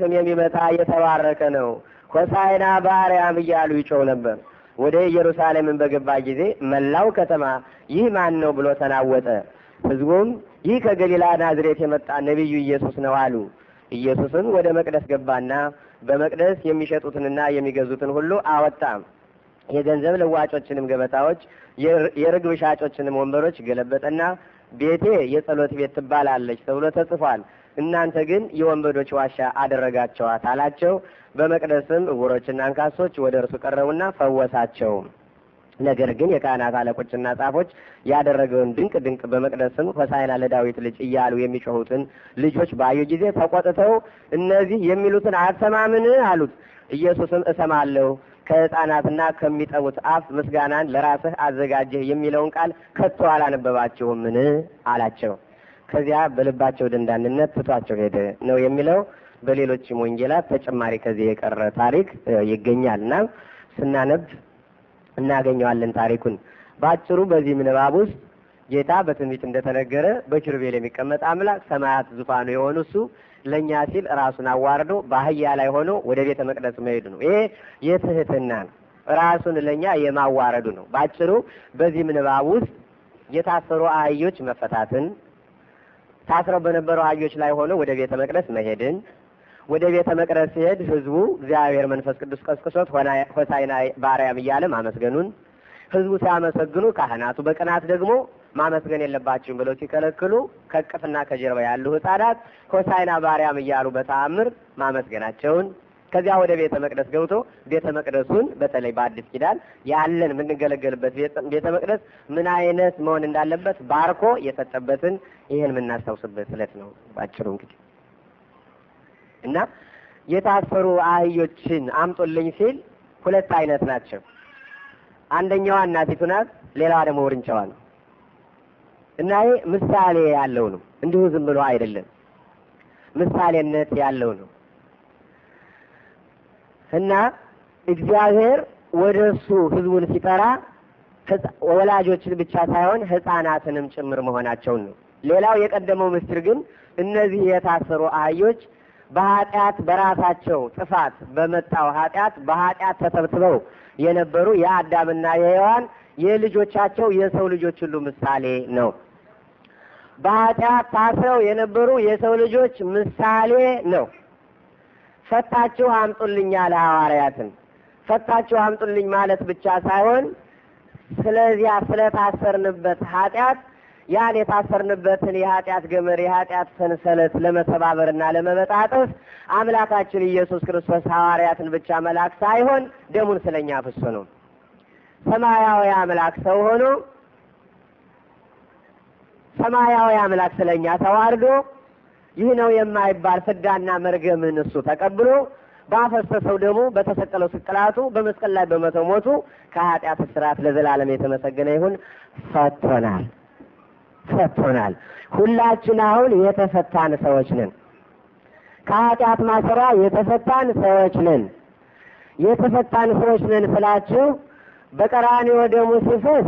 ስም የሚመጣ የተባረከ ነው ሆሳይና በአርያም እያሉ ይጮው ነበር። ወደ ኢየሩሳሌምን በገባ ጊዜ መላው ከተማ ይህ ማን ነው ብሎ ተናወጠ። ህዝቡም ይህ ከገሊላ ናዝሬት የመጣ ነቢዩ ኢየሱስ ነው አሉ። ኢየሱስም ወደ መቅደስ ገባና በመቅደስ የሚሸጡትንና የሚገዙትን ሁሉ አወጣም። የገንዘብ ለዋጮችንም ገበታዎች፣ የርግብ ሻጮችንም ወንበሮች ገለበጠና ቤቴ የጸሎት ቤት ትባላለች ተብሎ ተጽፏል እናንተ ግን የወንበዶች ዋሻ አደረጋቸዋት አላቸው። በመቅደስም እውሮችና አንካሶች ወደ እርሱ ቀረቡና ፈወሳቸው። ነገር ግን የካህናት አለቆችና ጻፎች ያደረገውን ድንቅ ድንቅ በመቅደስም ሆሳዕና ለዳዊት ልጅ እያሉ የሚጮሁትን ልጆች ባዩ ጊዜ ተቆጥተው እነዚህ የሚሉትን አትሰማምን አሉት። ኢየሱስም እሰማለሁ ከሕፃናትና ከሚጠቡት አፍ ምስጋናን ለራስህ አዘጋጀህ የሚለውን ቃል ከቶ አላነበባችሁምን አላቸው። ከዚያ በልባቸው ደንዳንነት ትቷቸው ሄደ ነው የሚለው። በሌሎችም ወንጌላት ተጨማሪ ከዚህ የቀረ ታሪክ ይገኛል እና ስናነብ እናገኘዋለን ታሪኩን። በአጭሩ በዚህ ምንባብ ውስጥ ጌታ በትንቢት እንደተነገረ በኪሩቤል የሚቀመጥ አምላክ ሰማያት ዙፋኑ የሆኑ እሱ ለእኛ ሲል ራሱን አዋርዶ በአህያ ላይ ሆኖ ወደ ቤተ መቅደስ መሄዱ ነው። ይሄ የትህትና ነው። ራሱን ለእኛ የማዋረዱ ነው። በአጭሩ በዚህ ምንባብ ውስጥ የታሰሩ አህዮች መፈታትን ታስረው በነበረው አህዮች ላይ ሆኖ ወደ ቤተ መቅደስ መሄድን ወደ ቤተ መቅደስ ሲሄድ ህዝቡ እግዚአብሔር መንፈስ ቅዱስ ቀስቅሶት ሆሳይና ባርያም እያለ ማመስገኑን ህዝቡ ሲያመሰግኑ ካህናቱ በቅናት ደግሞ ማመስገን የለባችሁም ብለው ሲከለክሉ ከቅፍና ከጀርባ ያሉ ህጻናት ሆሳይና ባርያም እያሉ በተአምር ማመስገናቸውን ከዚያ ወደ ቤተ መቅደስ ገብቶ ቤተ መቅደሱን በተለይ በአዲስ ኪዳን ያለን የምንገለገልበት ቤተ መቅደስ ምን አይነት መሆን እንዳለበት ባርኮ የሰጠበትን ይህን የምናስታውስበት ዕለት ነው ባጭሩ እንግዲህ እና የታሰሩ አህዮችን አምጦልኝ ሲል ሁለት አይነት ናቸው። አንደኛዋ እናቲቱ ናት፣ ሌላዋ ደግሞ ውርንጫዋ ነው። እና ይሄ ምሳሌ ያለው ነው፣ እንዲሁ ዝም ብሎ አይደለም፣ ምሳሌነት ያለው ነው። እና እግዚአብሔር ወደ እሱ ህዝቡን ሲጠራ ወላጆችን ብቻ ሳይሆን ህፃናትንም ጭምር መሆናቸውን ነው። ሌላው የቀደመው ምስጢር ግን እነዚህ የታሰሩ አህዮች በኃጢአት በራሳቸው ጥፋት በመጣው ኃጢአት በኃጢአት ተተብትበው የነበሩ የአዳምና የሔዋን የልጆቻቸው የሰው ልጆች ሁሉ ምሳሌ ነው። በኃጢአት ታስረው የነበሩ የሰው ልጆች ምሳሌ ነው። ፈታችሁ አምጡልኝ አለ ሐዋርያትን። ፈታችሁ አምጡልኝ ማለት ብቻ ሳይሆን ስለዚያ ስለታሰርንበት ኃጢአት ያን የታሰርንበትን የኃጢአት ገመድ የኃጢአት ሰንሰለት ለመተባበርና ለመበጣጠፍ አምላካችን ኢየሱስ ክርስቶስ ሐዋርያትን ብቻ መላክ ሳይሆን ደሙን ስለኛ ፍሶ ነው። ሰማያዊ አምላክ ሰው ሆኖ ሰማያዊ አምላክ ስለኛ ተዋርዶ ይህ ነው የማይባል ፍዳና መርገምን እሱ ተቀብሎ ባፈሰሰው ደግሞ በተሰቀለው ስቅላቱ በመስቀል ላይ በመተሞቱ ከኃጢአት ስርዓት ለዘላለም የተመሰገነ ይሁን። ፈቶናል ፈቶናል። ሁላችን አሁን የተፈታን ሰዎች ነን። ከኃጢአት ማሰራ የተፈታን ሰዎች ነን። የተፈታን ሰዎች ነን ስላችሁ በቀራንዮ ደሙ ሲፈስ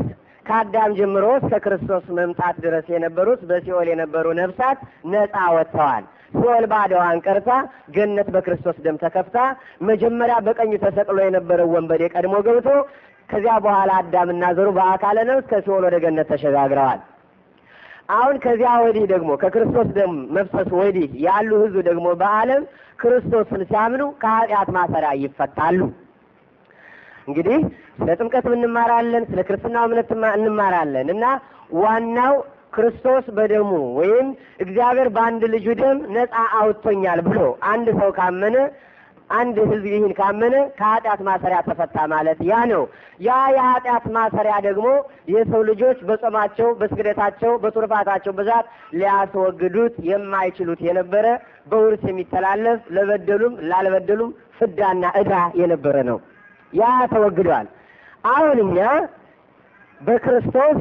ከአዳም ጀምሮ እስከ ክርስቶስ መምጣት ድረስ የነበሩት በሲኦል የነበሩ ነፍሳት ነፃ ወጥተዋል። ሲኦል ባዶዋን ቀርታ ገነት በክርስቶስ ደም ተከፍታ መጀመሪያ በቀኙ ተሰቅሎ የነበረው ወንበዴ ቀድሞ ገብቶ ከዚያ በኋላ አዳምና ዘሩ በአካለ ነፍስ ከሲኦል ወደ ገነት ተሸጋግረዋል። አሁን ከዚያ ወዲህ ደግሞ ከክርስቶስ ደም መፍሰስ ወዲህ ያሉ ህዝብ ደግሞ በዓለም ክርስቶስን ሲያምኑ ከኃጢአት ማሰሪያ ይፈታሉ። እንግዲህ ስለ ጥምቀትም እንማራለን፣ ስለ ክርስትናው እምነት እንማራለን እና ዋናው ክርስቶስ በደሙ ወይም እግዚአብሔር በአንድ ልጁ ደም ነፃ አውጥቶኛል ብሎ አንድ ሰው ካመነ አንድ ህዝብ ይህን ካመነ ከኃጢአት ማሰሪያ ተፈታ ማለት ያ ነው። ያ የኃጢአት ማሰሪያ ደግሞ የሰው ልጆች በጾማቸው፣ በስግደታቸው፣ በቱርፋታቸው ብዛት ሊያስወግዱት የማይችሉት የነበረ በውርስ የሚተላለፍ ለበደሉም ላልበደሉም ፍዳና እዳ የነበረ ነው። ያ ተወግደዋል። አሁን እኛ በክርስቶስ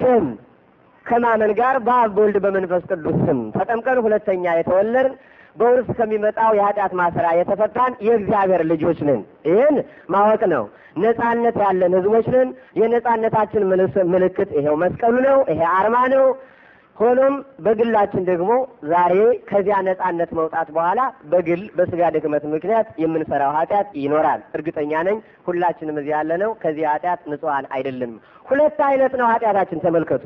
ደም ከማመን ጋር በአብ በወልድ በመንፈስ ቅዱስ ስም ተጠምቀን ሁለተኛ የተወለድን በውርስ ከሚመጣው የኃጢአት ማሰራ የተፈታን የእግዚአብሔር ልጆች ነን። ይህን ማወቅ ነው። ነጻነት ያለን ህዝቦች ነን። የነጻነታችን ምልክት ይሄው መስቀሉ ነው። ይሄ አርማ ነው። ሆኖም በግላችን ደግሞ ዛሬ ከዚያ ነጻነት መውጣት በኋላ በግል በስጋ ድክመት ምክንያት የምንሰራው ኃጢአት ይኖራል። እርግጠኛ ነኝ ሁላችንም እዚህ ያለነው ከዚህ ኃጢአት ንጹሐን አይደለንም። ሁለት አይነት ነው ኃጢአታችን ተመልከቱ።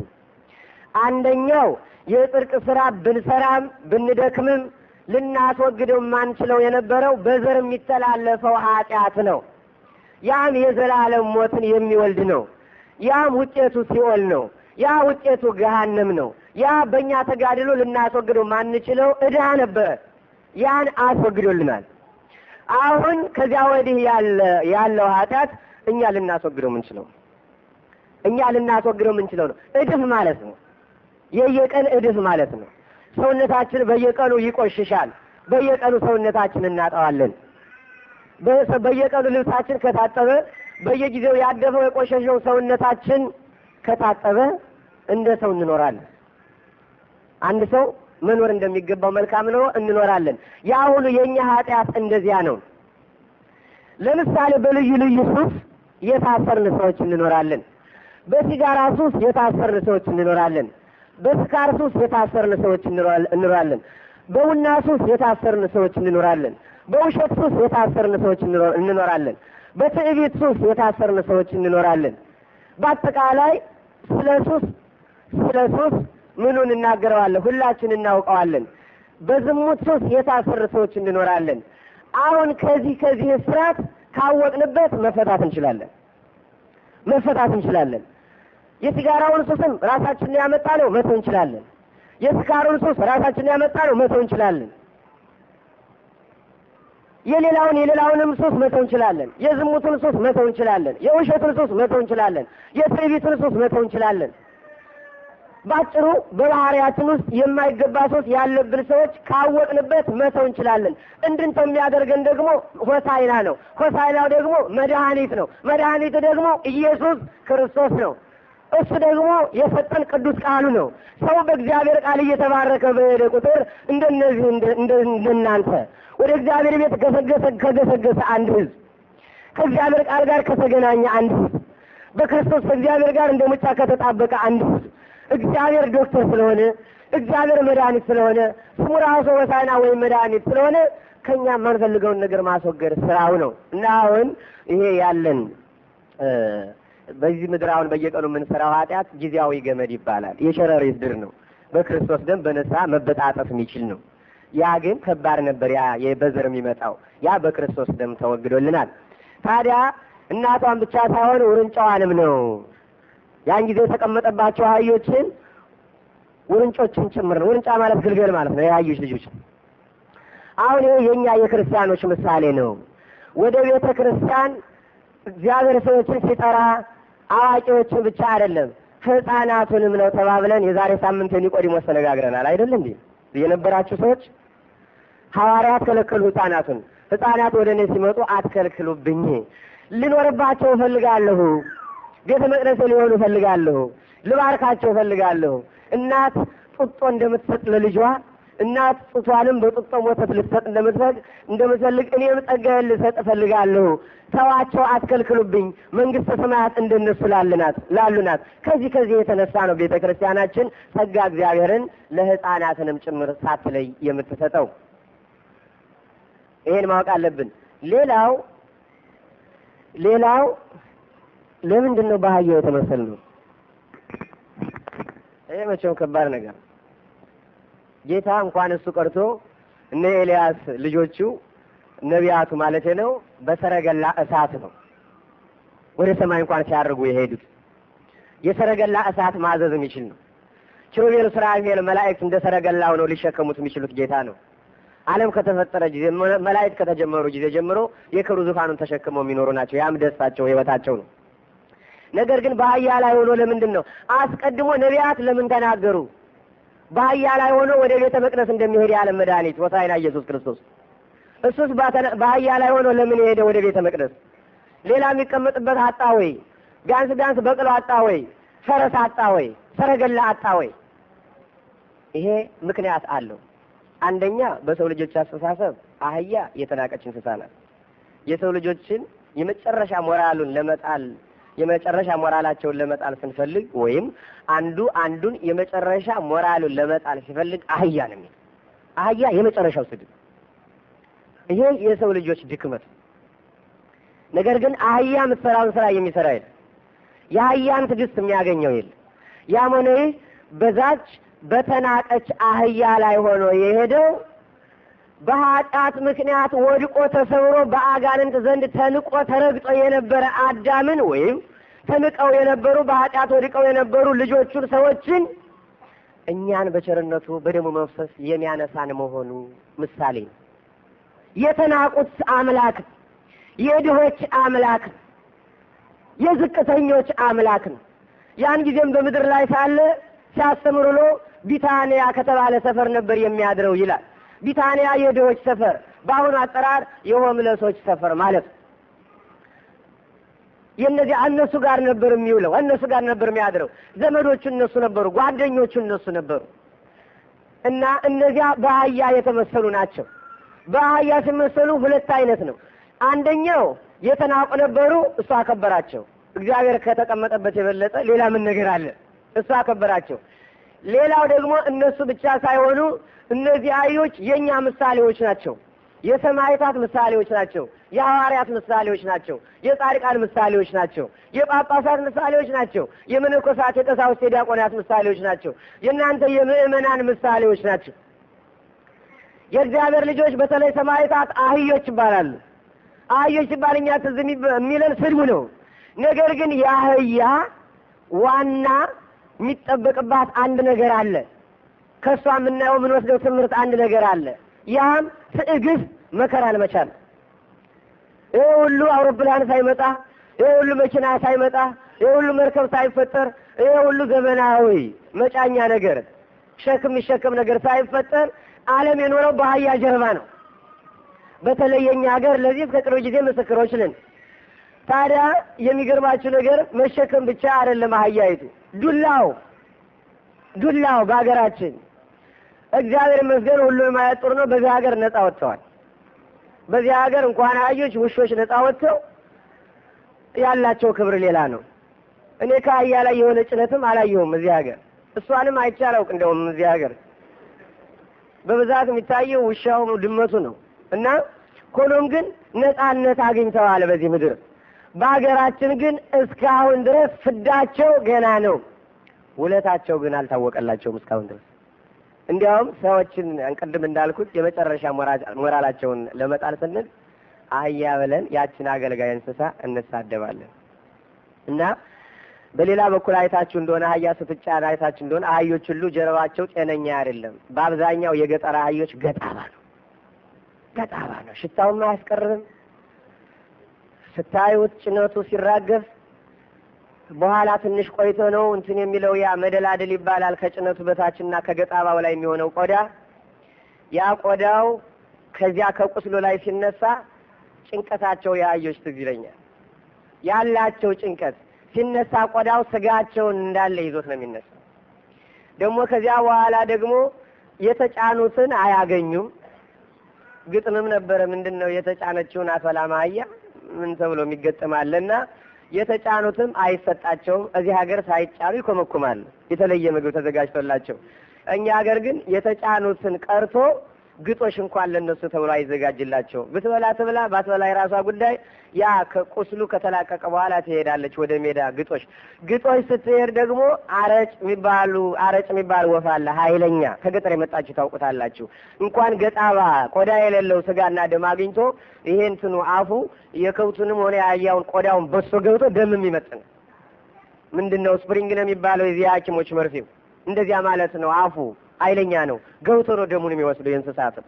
አንደኛው የጽድቅ ስራ ብንሰራም ብንደክምም ልናስወግደው የማንችለው የነበረው በዘር የሚተላለፈው ኃጢአት ነው። ያም የዘላለም ሞትን የሚወልድ ነው። ያም ውጤቱ ሲኦል ነው። ያ ውጤቱ ገሃነም ነው። ያ በእኛ ተጋድሎ ልናስወግደው ማንችለው እዳ ነበር ያን አስወግዶልናል። አሁን ከዚያ ወዲህ ያለው ኃጢአት እኛ ልናስወግደው የምንችለው እኛ ልናስወግደው የምንችለው ነው። እድፍ ማለት ነው። የየቀን እድፍ ማለት ነው። ሰውነታችን በየቀኑ ይቆሽሻል። በየቀኑ ሰውነታችን እናጠዋለን። በየቀኑ ልብሳችን ከታጠበ፣ በየጊዜው ያደፈው የቆሸሸው ሰውነታችን ከታጠበ እንደ ሰው እንኖራለን። አንድ ሰው መኖር እንደሚገባው መልካም ኑሮ እንኖራለን። ያ ሁሉ የእኛ ኃጢአት እንደዚያ ነው። ለምሳሌ በልዩ ልዩ ሱስ የታሰርን ሰዎች እንኖራለን። በሲጋራ ሱስ የታሰርን ሰዎች እንኖራለን። በስካር ሱስ የታሰርን ሰዎች እንኖራለን። በቡና ሱስ የታሰርን ሰዎች እንኖራለን። በውሸት ሱስ የታሰርን ሰዎች እንኖራለን። በትዕቢት ሱስ የታሰርን ሰዎች እንኖራለን። በአጠቃላይ ስለ ሱስ ስለ ሱስ ምኑን እናገረዋለን ሁላችን እናውቀዋለን። በዝሙት ሱስ የታሰር ሰዎች እንኖራለን። አሁን ከዚህ ከዚህ ስርዓት ካወቅንበት መፈታት እንችላለን፣ መፈታት እንችላለን። የሲጋራውን ሱስም ራሳችንን ያመጣ ነው መተው እንችላለን። የስካሩን ሱስ ራሳችንን ያመጣ ነው መተው እንችላለን። የሌላውን የሌላውንም ሱስ መተው እንችላለን። የዝሙቱን ሱስ መተው እንችላለን። የውሸቱን ሱስ መተው እንችላለን። የትዕቢቱን ሱስ መተው እንችላለን። ባጭሩ በባህሪያችን ውስጥ የማይገባ ሶስት ያለብን ሰዎች ካወቅንበት መተው እንችላለን። እንድንተው የሚያደርገን ደግሞ ሆሳይና ነው። ሆሳይናው ደግሞ መድኃኒት ነው። መድኃኒቱ ደግሞ ኢየሱስ ክርስቶስ ነው። እሱ ደግሞ የሰጠን ቅዱስ ቃሉ ነው። ሰው በእግዚአብሔር ቃል እየተባረከ በሄደ ቁጥር እንደነዚህ እንደናንተ ወደ እግዚአብሔር ቤት ገሰገሰ ከገሰገሰ አንድ ህዝብ ከእግዚአብሔር ቃል ጋር ከተገናኘ አንድ ህዝብ በክርስቶስ ከእግዚአብሔር ጋር እንደ ሙጫ ከተጣበቀ አንድ ህዝብ እግዚአብሔር ዶክተር ስለሆነ እግዚአብሔር መድኃኒት ስለሆነ ስሙ ራሱ ወሳና ወይም መድኃኒት ስለሆነ ከእኛ የማንፈልገውን ነገር ማስወገድ ስራው ነው እና አሁን ይሄ ያለን በዚህ ምድር አሁን በየቀኑ የምንሰራው ኃጢአት ጊዜያዊ ገመድ ይባላል። የሸረሪት ድር ነው። በክርስቶስ ደም በነሳ መበጣጠፍ የሚችል ነው። ያ ግን ከባድ ነበር። ያ በዘር የሚመጣው ያ በክርስቶስ ደም ተወግዶልናል። ታዲያ እናቷን ብቻ ሳይሆን ውርንጫዋንም ነው ያን ጊዜ የተቀመጠባቸው አህዮችን ውርንጮችን ጭምር ነው። ውርንጫ ማለት ግልገል ማለት ነው። የአህዮች ልጆች። አሁን ይሄ የኛ የክርስቲያኖች ምሳሌ ነው። ወደ ቤተ ክርስቲያን እግዚአብሔር ሰዎችን ሲጠራ አዋቂዎችን ብቻ አይደለም ህፃናቱንም ነው ተባብለን የዛሬ ሳምንት ኒቆዲሞስ ተነጋግረናል አይደል እንዴ? የነበራችሁ ሰዎች ሐዋርያት ከለከሉ ህፃናቱን። ህፃናት ወደ እኔ ሲመጡ አትከልክሉብኝ፣ ልኖርባቸው እፈልጋለሁ ቤተ መቅደስ ሊሆኑ እፈልጋለሁ፣ ልባርካቸው እፈልጋለሁ። እናት ጡጦ እንደምትሰጥ ለልጇ እናት ጡቷንም በጡጦ ወተት ልትሰጥ እንደምትፈቅ እንደምትፈልግ እኔም ጸጋዬን ልሰጥ እፈልጋለሁ። ተዋቸው፣ አትከልክሉብኝ፣ መንግስተ ሰማያት እንደነሱ ላልናት ላሉናት። ከዚህ ከዚህ የተነሳ ነው ቤተ ክርስቲያናችን ጸጋ እግዚአብሔርን ለህፃናትንም ጭምር ሳትለይ የምትሰጠው። ይሄን ማወቅ አለብን። ሌላው ሌላው ለምንድን ነው በአህያ የተመሰል ነው? ይሄ መቼም ከባድ ነገር ጌታ እንኳን እሱ ቀርቶ እነ ኤልያስ ልጆቹ ነቢያቱ ማለት ነው በሰረገላ እሳት ነው ወደ ሰማይ እንኳን ሲያደርጉ የሄዱት። የሰረገላ እሳት ማዘዝ የሚችል ነው። ኪሩቤል፣ ሱራፌል መላእክት እንደ ሰረገላው ነው ሊሸከሙት የሚችሉት ጌታ ነው። ዓለም ከተፈጠረ ጊዜ መላእክት ከተጀመሩ ጊዜ ጀምሮ የክብሩ ዙፋኑን ተሸክመው የሚኖሩ ናቸው። ያም ደስታቸው ህይወታቸው ነው። ነገር ግን በአህያ ላይ ሆኖ ለምንድን ነው አስቀድሞ ነቢያት ለምን ተናገሩ? በአህያ ላይ ሆኖ ወደ ቤተ መቅደስ እንደሚሄድ ያለ መድኃኒት ወሳይና ኢየሱስ ክርስቶስ እሱስ በአህያ ላይ ሆኖ ለምን የሄደ ወደ ቤተ መቅደስ? ሌላ የሚቀመጥበት አጣ ወይ? ቢያንስ ቢያንስ በቅሎ አጣ ወይ? ፈረስ አጣ ወይ? ሰረገላ አጣ ወይ? ይሄ ምክንያት አለው። አንደኛ በሰው ልጆች አስተሳሰብ አህያ የተናቀች እንስሳ ናት። የሰው ልጆችን የመጨረሻ ሞራሉን ለመጣል የመጨረሻ ሞራላቸውን ለመጣል ስንፈልግ ወይም አንዱ አንዱን የመጨረሻ ሞራሉን ለመጣል ሲፈልግ አህያ ነው የሚል አህያ የመጨረሻው ስድብ። ይሄ የሰው ልጆች ድክመት። ነገር ግን አህያ የምትሰራውን ስራ የሚሰራ የለ፣ የአህያን ትዕግስት የሚያገኘው የለ። ያም ሆነ ይህ በዛች በተናቀች አህያ ላይ ሆኖ የሄደው በኃጢአት ምክንያት ወድቆ ተሰብሮ በአጋንንት ዘንድ ተንቆ ተረግጦ የነበረ አዳምን ወይም ተንቀው የነበሩ በኃጢአት ወድቀው የነበሩ ልጆቹን ሰዎችን እኛን በቸርነቱ በደሙ መንፈስ የሚያነሳን መሆኑ ምሳሌ ነው። የተናቁት አምላክ የድሆች አምላክ የዝቅተኞች አምላክ ነው። ያን ጊዜም በምድር ላይ ሳለ ሲያስተምር ውሎ ቢታንያ ከተባለ ሰፈር ነበር የሚያድረው ይላል። ቢታንያ የድሆች ሰፈር፣ በአሁኑ አጠራር የሆምለሶች ሰፈር ማለት ነው። የእነዚህ እነሱ ጋር ነበር የሚውለው፣ እነሱ ጋር ነበር የሚያድረው። ዘመዶቹ እነሱ ነበሩ፣ ጓደኞቹ እነሱ ነበሩ። እና እነዚያ በአህያ የተመሰሉ ናቸው። በአህያ ሲመሰሉ ሁለት አይነት ነው። አንደኛው የተናቁ ነበሩ፣ እሱ አከበራቸው። እግዚአብሔር ከተቀመጠበት የበለጠ ሌላ ምን ነገር አለ? እሱ አከበራቸው። ሌላው ደግሞ እነሱ ብቻ ሳይሆኑ እነዚህ አህዮች የእኛ ምሳሌዎች ናቸው። የሰማዕታት ምሳሌዎች ናቸው። የሐዋርያት ምሳሌዎች ናቸው። የጻድቃን ምሳሌዎች ናቸው። የጳጳሳት ምሳሌዎች ናቸው። የመነኮሳት፣ የቀሳውስት፣ የዲያቆናት ምሳሌዎች ናቸው። የእናንተ የምእመናን ምሳሌዎች ናቸው። የእግዚአብሔር ልጆች በተለይ ሰማዕታት አህዮች ይባላሉ። አህዮች ሲባል እኛ ትዝ የሚለን ስድቡ ነው። ነገር ግን የአህያ ዋና የሚጠበቅባት አንድ ነገር አለ። ከእሷ የምናየው የምንወስደው ትምህርት አንድ ነገር አለ። ያም ትዕግስት መከራን መቻል። ይህ ሁሉ አውሮፕላን ሳይመጣ፣ ይህ ሁሉ መኪና ሳይመጣ፣ ይህ ሁሉ መርከብ ሳይፈጠር፣ ይህ ሁሉ ዘመናዊ መጫኛ ነገር ሸክም የሚሸከም ነገር ሳይፈጠር ዓለም የኖረው በአህያ ጀርባ ነው። በተለይ ሀገር ለዚህ ከቅርብ ጊዜ ምስክሮች ነን። ታዲያ የሚገርማችሁ ነገር መሸከም ብቻ አይደለም አህያይቱ ዱላው ዱላው በሀገራችን እግዚአብሔር ይመስገን ሁሉን አያት ነው። በዚህ ሀገር ነፃ ወጥተዋል። በዚህ ሀገር እንኳን አህዮች፣ ውሾች ነፃ ወጥተው ያላቸው ክብር ሌላ ነው። እኔ ከአህያ ላይ የሆነ ጭነትም አላየሁም እዚህ ሀገር። እሷንም አይቼ አላውቅ። እንደውም እዚህ ሀገር በብዛት የሚታየው ውሻው ድመቱ ነው እና ሆኖም ግን ነፃነት አግኝተዋል በዚህ ምድር በሀገራችን ግን እስካሁን ድረስ ፍዳቸው ገና ነው። ውለታቸው ግን አልታወቀላቸውም እስካሁን ድረስ። እንዲያውም ሰዎችን ቅድም እንዳልኩት የመጨረሻ ሞራላቸውን ለመጣል ስንል አህያ ብለን ያችን አገልጋይ እንስሳ እንሳደባለን እና በሌላ በኩል አይታችሁ እንደሆነ አህያ ስትጫን አይታችሁ እንደሆነ አህዮች ሁሉ ጀርባቸው ጤነኛ አይደለም። በአብዛኛው የገጠር አህዮች ገጣባ ነው፣ ገጣባ ነው። ሽታውም አያስቀርም ስታዩት ጭነቱ ሲራገፍ በኋላ ትንሽ ቆይቶ ነው እንትን የሚለው ያ መደላደል ይባላል። ከጭነቱ በታችና ከገጣባው ላይ የሚሆነው ቆዳ ያ ቆዳው ከዚያ ከቁስሉ ላይ ሲነሳ ጭንቀታቸው የአህዮች ትዝ ይለኛል። ያላቸው ጭንቀት ሲነሳ ቆዳው ስጋቸውን እንዳለ ይዞት ነው የሚነሳ ደግሞ ከዚያ በኋላ ደግሞ የተጫኑትን አያገኙም። ግጥምም ነበረ ምንድን ነው የተጫነችውን አፈላማ አያ? ምን ተብሎ የሚገጠም የተጫኑትም አይሰጣቸውም። እዚህ ሀገር ሳይጫኑ ይኮመኩማል የተለየ ምግብ ተዘጋጅቶላቸው። እኛ ሀገር ግን የተጫኑትን ቀርቶ ግጦሽ እንኳን ለነሱ ተብሎ አይዘጋጅላቸው። ብትበላ ትብላ፣ ባትበላ የራሷ ጉዳይ። ያ ከቁስሉ ከተላቀቀ በኋላ ትሄዳለች ወደ ሜዳ ግጦሽ። ግጦሽ ስትሄድ ደግሞ አረጭ የሚባሉ አረጭ የሚባል ወፍ አለ፣ ኃይለኛ ከገጠር የመጣችሁ ታውቁታላችሁ። እንኳን ገጣባ ቆዳ የሌለው ስጋና ደም አግኝቶ ይሄ እንትኑ አፉ የከብቱንም ሆነ የአህያውን ቆዳውን በሶ ገብቶ ደም የሚመጥን ምንድን ነው ስፕሪንግ ነው የሚባለው የዚህ ሐኪሞች መርፌው እንደዚያ ማለት ነው አፉ ኃይለኛ ነው። ገብቶ ነው ደሙን የሚወስደው የእንስሳትም።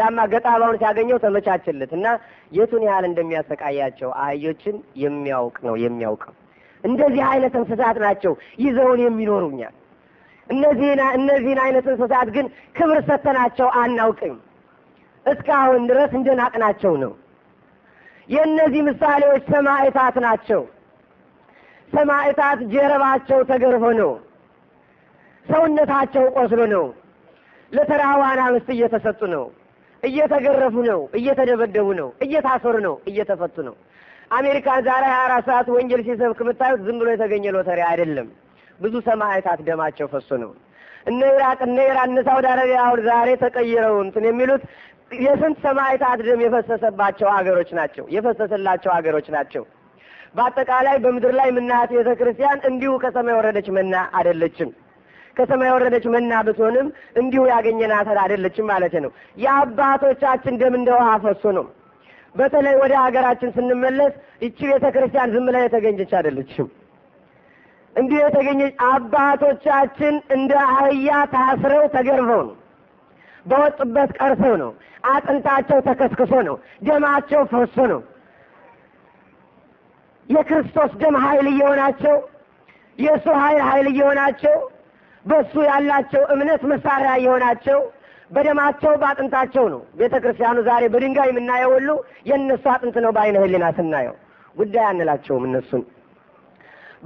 ያማ ገጣባውን ሲያገኘው ተመቻችለት እና የቱን ያህል እንደሚያሰቃያቸው አህዮችን የሚያውቅ ነው የሚያውቅ እንደዚህ አይነት እንስሳት ናቸው ይዘውን የሚኖሩኛ እነዚህና እነዚህን አይነት እንስሳት ግን ክብር ሰተናቸው አናውቅም። እስካሁን ድረስ እንደናቅናቸው ነው። የእነዚህ ምሳሌዎች ሰማዕታት ናቸው። ሰማዕታት ጀርባቸው ተገርፎ ነው ሰውነታቸው ቆስሎ ነው። ለተራዋና አንስት እየተሰጡ ነው፣ እየተገረፉ ነው፣ እየተደበደቡ ነው፣ እየታሰሩ ነው፣ እየተፈቱ ነው። አሜሪካን ዛሬ 24 ሰዓት ወንጀል ሲሰብክ የምታዩት ዝም ብሎ የተገኘ ሎተሪ አይደለም። ብዙ ሰማዕታት ደማቸው ፈሶ ነው። እነ ኢራቅ እነ ኢራን እነ ሳውዲ አረቢያ አሁን ዛሬ ተቀይረው እንትን የሚሉት የስንት ሰማዕታት ደም የፈሰሰባቸው አገሮች ናቸው የፈሰሰላቸው አገሮች ናቸው። በአጠቃላይ በምድር ላይ የምናያት ቤተ ክርስቲያን እንዲሁ ከሰማይ ወረደች መና አይደለችም። ከሰማይ የወረደች መና ብትሆንም እንዲሁ ያገኘናት አይደለችም ማለት ነው። የአባቶቻችን ደም እንደ ውሃ ፈሶ ነው። በተለይ ወደ ሀገራችን ስንመለስ እቺ ቤተ ክርስቲያን ዝም ላይ የተገኘች አይደለችም። እንዲሁ የተገኘች አባቶቻችን እንደ አህያ ታስረው ተገርፈው ነው። በወጡበት ቀርተው ነው። አጥንታቸው ተከስክሶ ነው። ደማቸው ፈሶ ነው። የክርስቶስ ደም ኃይል እየሆናቸው የእሱ ኃይል ኃይል እየሆናቸው በእሱ ያላቸው እምነት መሳሪያ የሆናቸው በደማቸው በአጥንታቸው ነው። ቤተ ክርስቲያኑ ዛሬ በድንጋይ የምናየው ሁሉ የእነሱ አጥንት ነው። በአይነ ህሊና ስናየው ጉዳይ አንላቸውም እነሱን።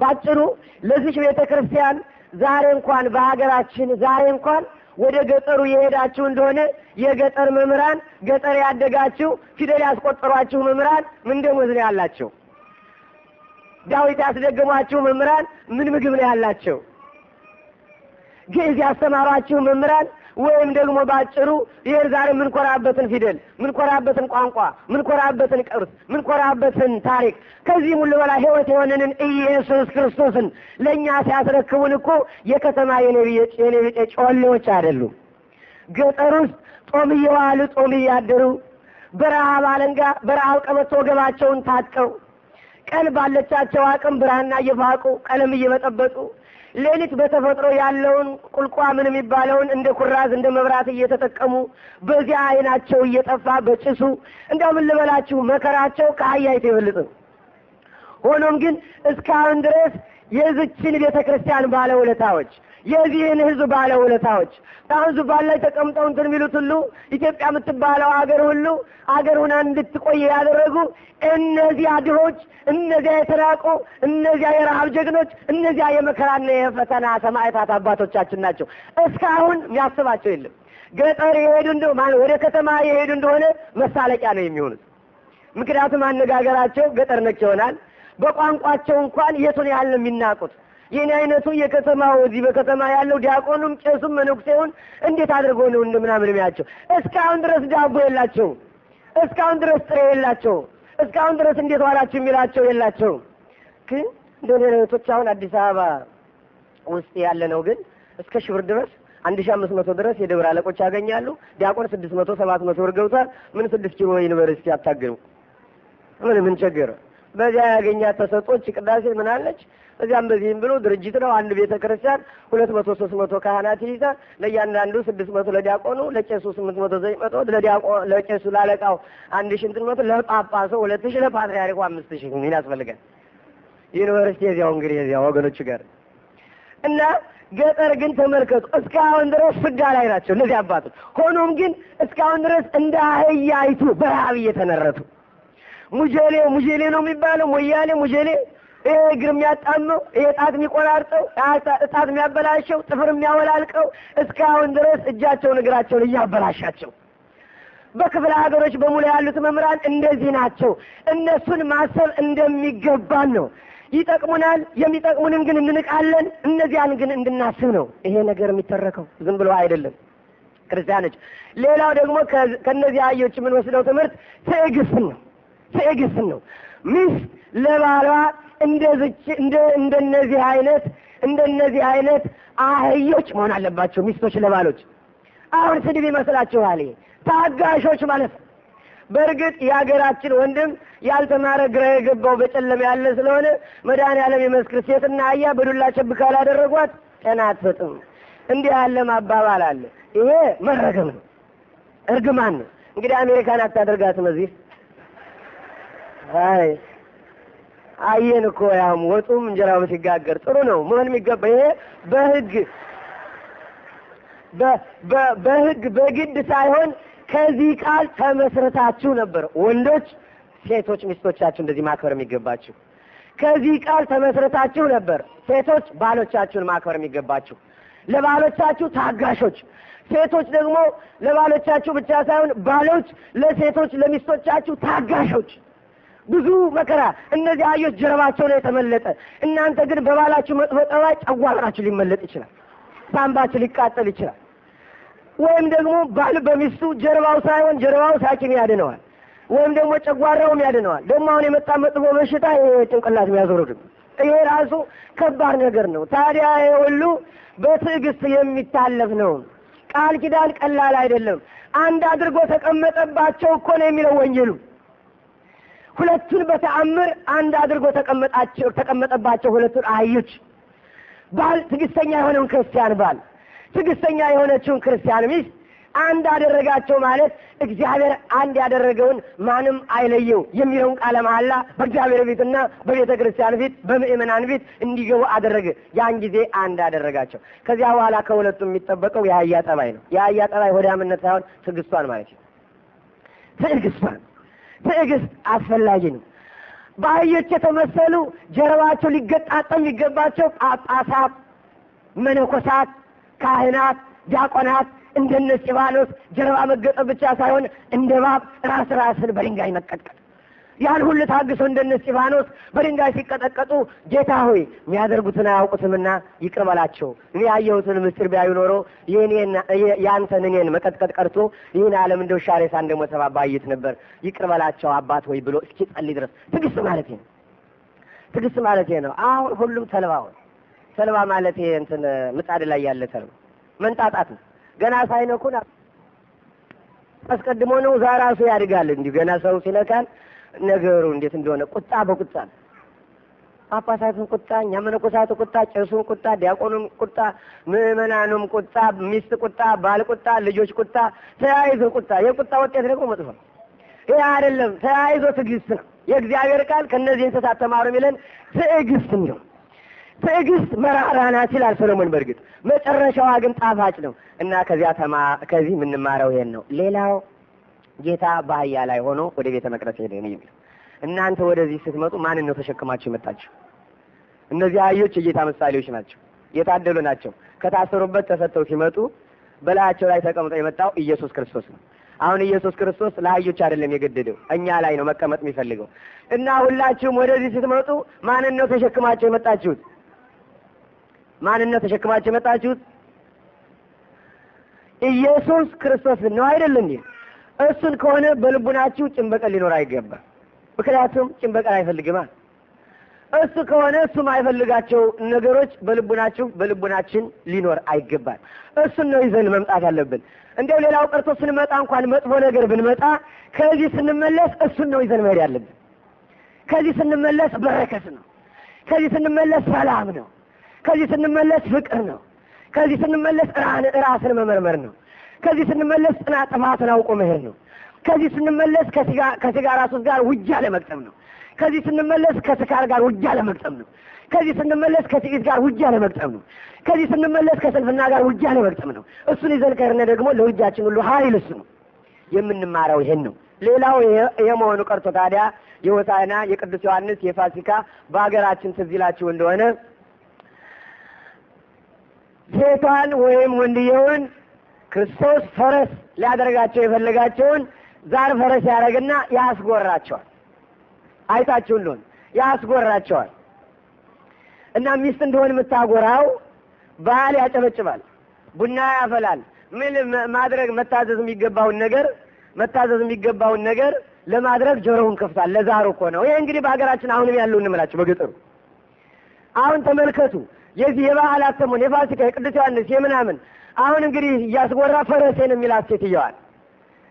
ባጭሩ ለዚች ቤተ ክርስቲያን ዛሬ እንኳን በሀገራችን ዛሬ እንኳን ወደ ገጠሩ የሄዳችሁ እንደሆነ የገጠር መምህራን፣ ገጠር ያደጋችሁ ፊደል ያስቆጠሯችሁ መምህራን ምን ደሞዝ ነው ያላቸው? ዳዊት ያስደገሟችሁ መምህራን ምን ምግብ ነው ያላቸው? ግዕዝ ያስተማሯችሁ መምህራን ወይም ደግሞ ባጭሩ ይሄን ዛሬ የምንኮራበትን ፊደል፣ የምንኮራበትን ቋንቋ፣ ምንኮራበትን ቅርስ፣ የምንኮራበትን ታሪክ ከዚህም ሁሉ በላይ ህይወት የሆነንን ኢየሱስ ክርስቶስን ለእኛ ሲያስረክቡን እኮ የከተማ የኔቢጤ ጮሌዎች አይደሉም። ገጠር ውስጥ ጦም እየዋሉ ጦም እያደሩ በረሃብ አለንጋ በረሃብ ቀበቶ ወገባቸውን ታጥቀው ቀን ባለቻቸው አቅም ብራና እየፋቁ ቀለም እየበጠበጡ ሌሊት በተፈጥሮ ያለውን ቁልቋ ምን የሚባለውን እንደ ኩራዝ እንደ መብራት እየተጠቀሙ በዚያ አይናቸው እየጠፋ በጭሱ እንደው ልበላችሁ መከራቸው ከአህያይቱ የበለጠ ነው። ሆኖም ግን እስካሁን ድረስ የዚችን ቤተ ክርስቲያን ባለውለታዎች የዚህን ህዝብ ባለውለታዎች አሁን ዙፋን ላይ ተቀምጠው እንትን የሚሉት ሁሉ ኢትዮጵያ የምትባለው አገር ሁሉ አገር ሁና እንድትቆይ ያደረጉ እነዚያ ድሆች፣ እነዚያ የተራቁ፣ እነዚያ የረሀብ ጀግኖች፣ እነዚያ የመከራና የፈተና ሰማዕታት አባቶቻችን ናቸው። እስካሁን የሚያስባቸው የለም። ገጠር የሄዱ እንደ ማለ ወደ ከተማ የሄዱ እንደሆነ መሳለቂያ ነው የሚሆኑት። ምክንያቱም አነጋገራቸው ገጠር ነክ ይሆናል። በቋንቋቸው እንኳን የቱን ያህል ነው የሚናቁት? ይህን አይነቱ የከተማው እዚህ በከተማ ያለው ዲያቆኑም ቄሱም መነኩሴውን እንዴት አድርጎ ነው እንደምናምን የሚያቸው? እስካሁን ድረስ ዳቦ የላቸው፣ እስካሁን ድረስ ጥሬ የላቸው፣ እስካሁን ድረስ እንዴት ዋላችሁ የሚላቸው የላቸው። ግን እንደዚህ አይነቶች አሁን አዲስ አበባ ውስጥ ያለ ነው። ግን እስከ ሽብር ድረስ አንድ ሺህ አምስት መቶ ድረስ የደብር አለቆች ያገኛሉ። ዲያቆን ስድስት መቶ ሰባት መቶ ብር ገብቷል። ምን ስድስት ኪሎ ዩኒቨርሲቲ አታገኙ። ምን ምን ቸገረ? በዚያ ያገኛት ተሰጦች ቅዳሴ ምን አለች? እዚያም በዚህም ብሎ ድርጅት ነው። አንድ ቤተ ክርስቲያን ሁለት መቶ ሶስት መቶ ካህናት ይይዛ ለእያንዳንዱ ስድስት መቶ ለዲያቆኑ፣ ለቄሱ ስምንት መቶ ዘጠኝ መቶ ለዲያቆ ለቄሱ ላለቃው አንድ ሺህ እንትን መቶ ለጳጳሱ ሁለት ሺ ለፓትርያርኩ አምስት ሺ ምን ያስፈልጋል? ዩኒቨርሲቲ የዚያው እንግዲህ የዚያው ወገኖች ጋር እና ገጠር ግን ተመልከቱ፣ እስካሁን ድረስ ፍዳ ላይ ናቸው እነዚህ አባቶች። ሆኖም ግን እስካሁን ድረስ እንደ አህያይቱ በረሀብ እየተነረቱ ሙጀሌ ሙጀሌ ነው የሚባለው፣ ሞያሌ ሙጀሌ። ይሄ እግር የሚያጣመው ይሄ ጣት የሚቆራርጠው ጣት የሚያበላሸው ጥፍር የሚያወላልቀው እስካሁን ድረስ እጃቸውን እግራቸውን እያበላሻቸው በክፍለ ሀገሮች በሙሉ ያሉት መምህራን እንደዚህ ናቸው። እነሱን ማሰብ እንደሚገባን ነው። ይጠቅሙናል። የሚጠቅሙንም ግን እንንቃለን። እነዚያን ግን እንድናስብ ነው ይሄ ነገር የሚተረከው፣ ዝም ብሎ አይደለም ክርስቲያኖች። ሌላው ደግሞ ከእነዚህ አዮች የምንወስደው ትምህርት ትዕግስት ነው። ትዕግስት ነው። ሚስት ለባሏ እንደ እንደነዚህ አይነት እንደነዚህ አይነት አህዮች መሆን አለባቸው። ሚስቶች ለባሎች አሁን ስድብ ይመስላችኋል? ታጋሾች ማለት ነው። በእርግጥ የሀገራችን ወንድም ያልተማረ ግራ የገባው በጨለማ ያለ ስለሆነ መድኃኒዓለም ይመስክር ሴትና አያ በዱላ ቸብካ ላደረጓት ጤና አትሰጥም። እንዲህ ያለ ማባባል አለ። ይሄ መረገም ነው፣ እርግማን ነው። እንግዲህ አሜሪካን አታደርጋትም እዚህ አይ አየን እኮ ያም ወጡም እንጀራው ሲጋገር ጥሩ ነው መሆን የሚገባ ይሄ በህግ በህግ በግድ ሳይሆን ከዚህ ቃል ተመስርታችሁ ነበር ወንዶች ሴቶች ሚስቶቻችሁ እንደዚህ ማክበር የሚገባችሁ ከዚህ ቃል ተመስርታችሁ ነበር ሴቶች ባሎቻችሁን ማክበር የሚገባችሁ ለባሎቻችሁ ታጋሾች ሴቶች ደግሞ ለባሎቻችሁ ብቻ ሳይሆን ባሎች ለሴቶች ለሚስቶቻችሁ ታጋሾች ብዙ መከራ እነዚህ አህዮች ጀርባቸው ላይ የተመለጠ፣ እናንተ ግን በባላችሁ መጥፎ ጠባይ ጨጓራችሁ ሊመለጥ ይችላል፣ ሳምባችሁ ሊቃጠል ይችላል። ወይም ደግሞ ባል በሚስቱ ጀርባው ሳይሆን ጀርባው ሳኪም ያድነዋል፣ ወይም ደግሞ ጨጓራውም ያድነዋል። ደግሞ አሁን የመጣ መጥፎ በሽታ ጭንቅላት የሚያዞረድም ይሄ ራሱ ከባድ ነገር ነው። ታዲያ ይሄ ሁሉ በትዕግስት የሚታለፍ ነው። ቃል ኪዳን ቀላል አይደለም። አንድ አድርጎ ተቀመጠባቸው እኮ ነው የሚለው ወንጀሉ። ሁለቱን በተአምር አንድ አድርጎ ተቀመጣቸው ተቀመጠባቸው ሁለቱን አህዮች ባል ትግስተኛ የሆነውን ክርስቲያን ባል ትግስተኛ የሆነችውን ክርስቲያን ሚስት አንድ አደረጋቸው ማለት እግዚአብሔር አንድ ያደረገውን ማንም አይለየው የሚለውን ቃለ መሐላ በእግዚአብሔር ፊትና በቤተ ክርስቲያን ፊት በምእመናን ፊት እንዲገቡ አደረገ። ያን ጊዜ አንድ አደረጋቸው። ከዚያ በኋላ ከሁለቱ የሚጠበቀው የአህያ ጠባይ ነው። የአህያ ጠባይ ሆዳምነት ሳይሆን ትዕግስቷን ማለት ነው። ትዕግስቷን ትዕግስት አስፈላጊ ነው። በአህዮች የተመሰሉ ጀርባቸው ሊገጣጠም የሚገባቸው ጳጳሳት፣ መነኮሳት፣ ካህናት፣ ዲያቆናት እንደነ እስጢፋኖስ ጀርባ መገጠም ብቻ ሳይሆን እንደ እባብ ራስ ራስን በድንጋይ መቀጥቀጥ ያን ሁሉ ታግሶ እንደነ እስጢፋኖስ በድንጋይ ሲቀጠቀጡ ጌታ ሆይ የሚያደርጉትን አያውቁትምና ይቅር በላቸው፣ እኔ ያየሁትን ምስጢር ቢያዩ ኖሮ የአንተን እኔን መቀጥቀጥ ቀርቶ ይህን ዓለም እንደው ሻሬሳ እንደሞ ተባባይት ነበር። ይቅር በላቸው አባት ሆይ ብሎ እስኪጸልይ ድረስ ትዕግስት ማለት ነው። ትዕግስት ማለት ነው። አሁን ሁሉም ተልባ ሆነ። ተልባ ማለት ይሄ እንትን ምጣድ ላይ ያለ ተልባ መንጣጣት ነው። ገና ሳይነኩን አስቀድሞ ነው እዛ ራሱ ያድጋል። እንዲሁ ገና ሰው ሲነካል ነገሩ እንዴት እንደሆነ ቁጣ በቁጣ ነው። ጳጳሳቱን ቁጣ፣ እኛ መነኮሳቱ ቁጣ፣ ቄሱን ቁጣ፣ ዲያቆኑም ቁጣ፣ ምዕመናኑም ቁጣ፣ ሚስት ቁጣ፣ ባል ቁጣ፣ ልጆች ቁጣ፣ ተያይዞ ቁጣ። የቁጣ ውጤት ደግሞ መጥፎ ነው። ይህ አይደለም። ተያይዞ ትዕግስት ነው። የእግዚአብሔር ቃል ከእነዚህ እንስሳት ተማሩ የሚለን ትዕግስት ነው። ትዕግስት መራራ ናት ይላል ሰሎሞን። በእርግጥ መጨረሻዋ ግን ጣፋጭ ነው እና ከዚያ ከዚህ የምንማረው ይሄን ነው። ሌላው ጌታ በአህያ ላይ ሆኖ ወደ ቤተ መቅደስ ሄደ ነው የሚለው። እናንተ ወደዚህ ስትመጡ ማን ነው ተሸክማችሁ የመጣችሁ? እነዚህ አህዮች የጌታ ምሳሌዎች ናቸው፣ የታደሉ ናቸው። ከታሰሩበት ተፈተው ሲመጡ በላያቸው ላይ ተቀምጦ የመጣው ኢየሱስ ክርስቶስ ነው። አሁን ኢየሱስ ክርስቶስ ለአህዮች አይደለም የገደደው እኛ ላይ ነው መቀመጥ የሚፈልገው። እና ሁላችሁም ወደዚህ ስትመጡ ማን ነው ተሸክማችሁ የመጣችሁት? ማን ነው ተሸክማችሁ የመጣችሁት? ኢየሱስ ክርስቶስ ነው አይደለም? እንዴ? እሱን ከሆነ በልቡናችሁ ጭንበቀል ሊኖር አይገባም። ምክንያቱም ጭንበቀል አይፈልግማ። እሱ ከሆነ እሱ አይፈልጋቸው ነገሮች በልቡናችሁ በልቡናችን ሊኖር አይገባል። እሱን ነው ይዘን መምጣት ያለብን። እንዲያው ሌላው ቀርቶ ስንመጣ እንኳን መጥፎ ነገር ብንመጣ ከዚህ ስንመለስ እሱን ነው ይዘን መሄድ ያለብን። ከዚህ ስንመለስ በረከት ነው። ከዚህ ስንመለስ ሰላም ነው። ከዚህ ስንመለስ ፍቅር ነው። ከዚህ ስንመለስ ራስን መመርመር ነው። ከዚህ ስንመለስ ጽና ጥፋትን አውቆ መሄድ ነው። ከዚህ ስንመለስ ከሲጋራ ሱስ ጋር ውጊያ ለመቅጠም ነው። ከዚህ ስንመለስ ከስካር ጋር ውጊያ ለመቅጠም ነው። ከዚህ ስንመለስ ከትዕቢት ጋር ውጊያ ለመቅጠም ነው። ከዚህ ስንመለስ ከስንፍና ጋር ውጊያ ለመቅጠም ነው። እሱን ይዘን ከርነ ደግሞ ለውጊያችን ሁሉ ኃይል እሱ ነው። የምንማረው ይሄን ነው። ሌላው የመሆኑ ቀርቶ ታዲያ የሆሳዕና የቅዱስ ዮሐንስ የፋሲካ በሀገራችን ትዝ ይላችሁ እንደሆነ ሴቷን ወይም ወንድየውን ክርስቶስ ፈረስ ሊያደርጋቸው የፈለጋቸውን ዛር ፈረስ ያደረግና ያስጎራቸዋል። አይታችሁ እንደሆን ያስጎራቸዋል። እና ሚስት እንደሆን የምታጎራው ባል ያጨበጭባል፣ ቡና ያፈላል፣ ምን ማድረግ መታዘዝ የሚገባውን ነገር መታዘዝ የሚገባውን ነገር ለማድረግ ጆሮውን ከፍታል። ለዛሩ እኮ ነው። ይሄ እንግዲህ በሀገራችን አሁንም ያለው እንምላችሁ በገጠሩ አሁን ተመልከቱ። የዚህ የበዓላት ሰሞን የፋሲካ የቅዱስ ዮሐንስ የምናምን አሁን እንግዲህ እያስጎራ ፈረሴ ነው የሚላት ሴትየዋል።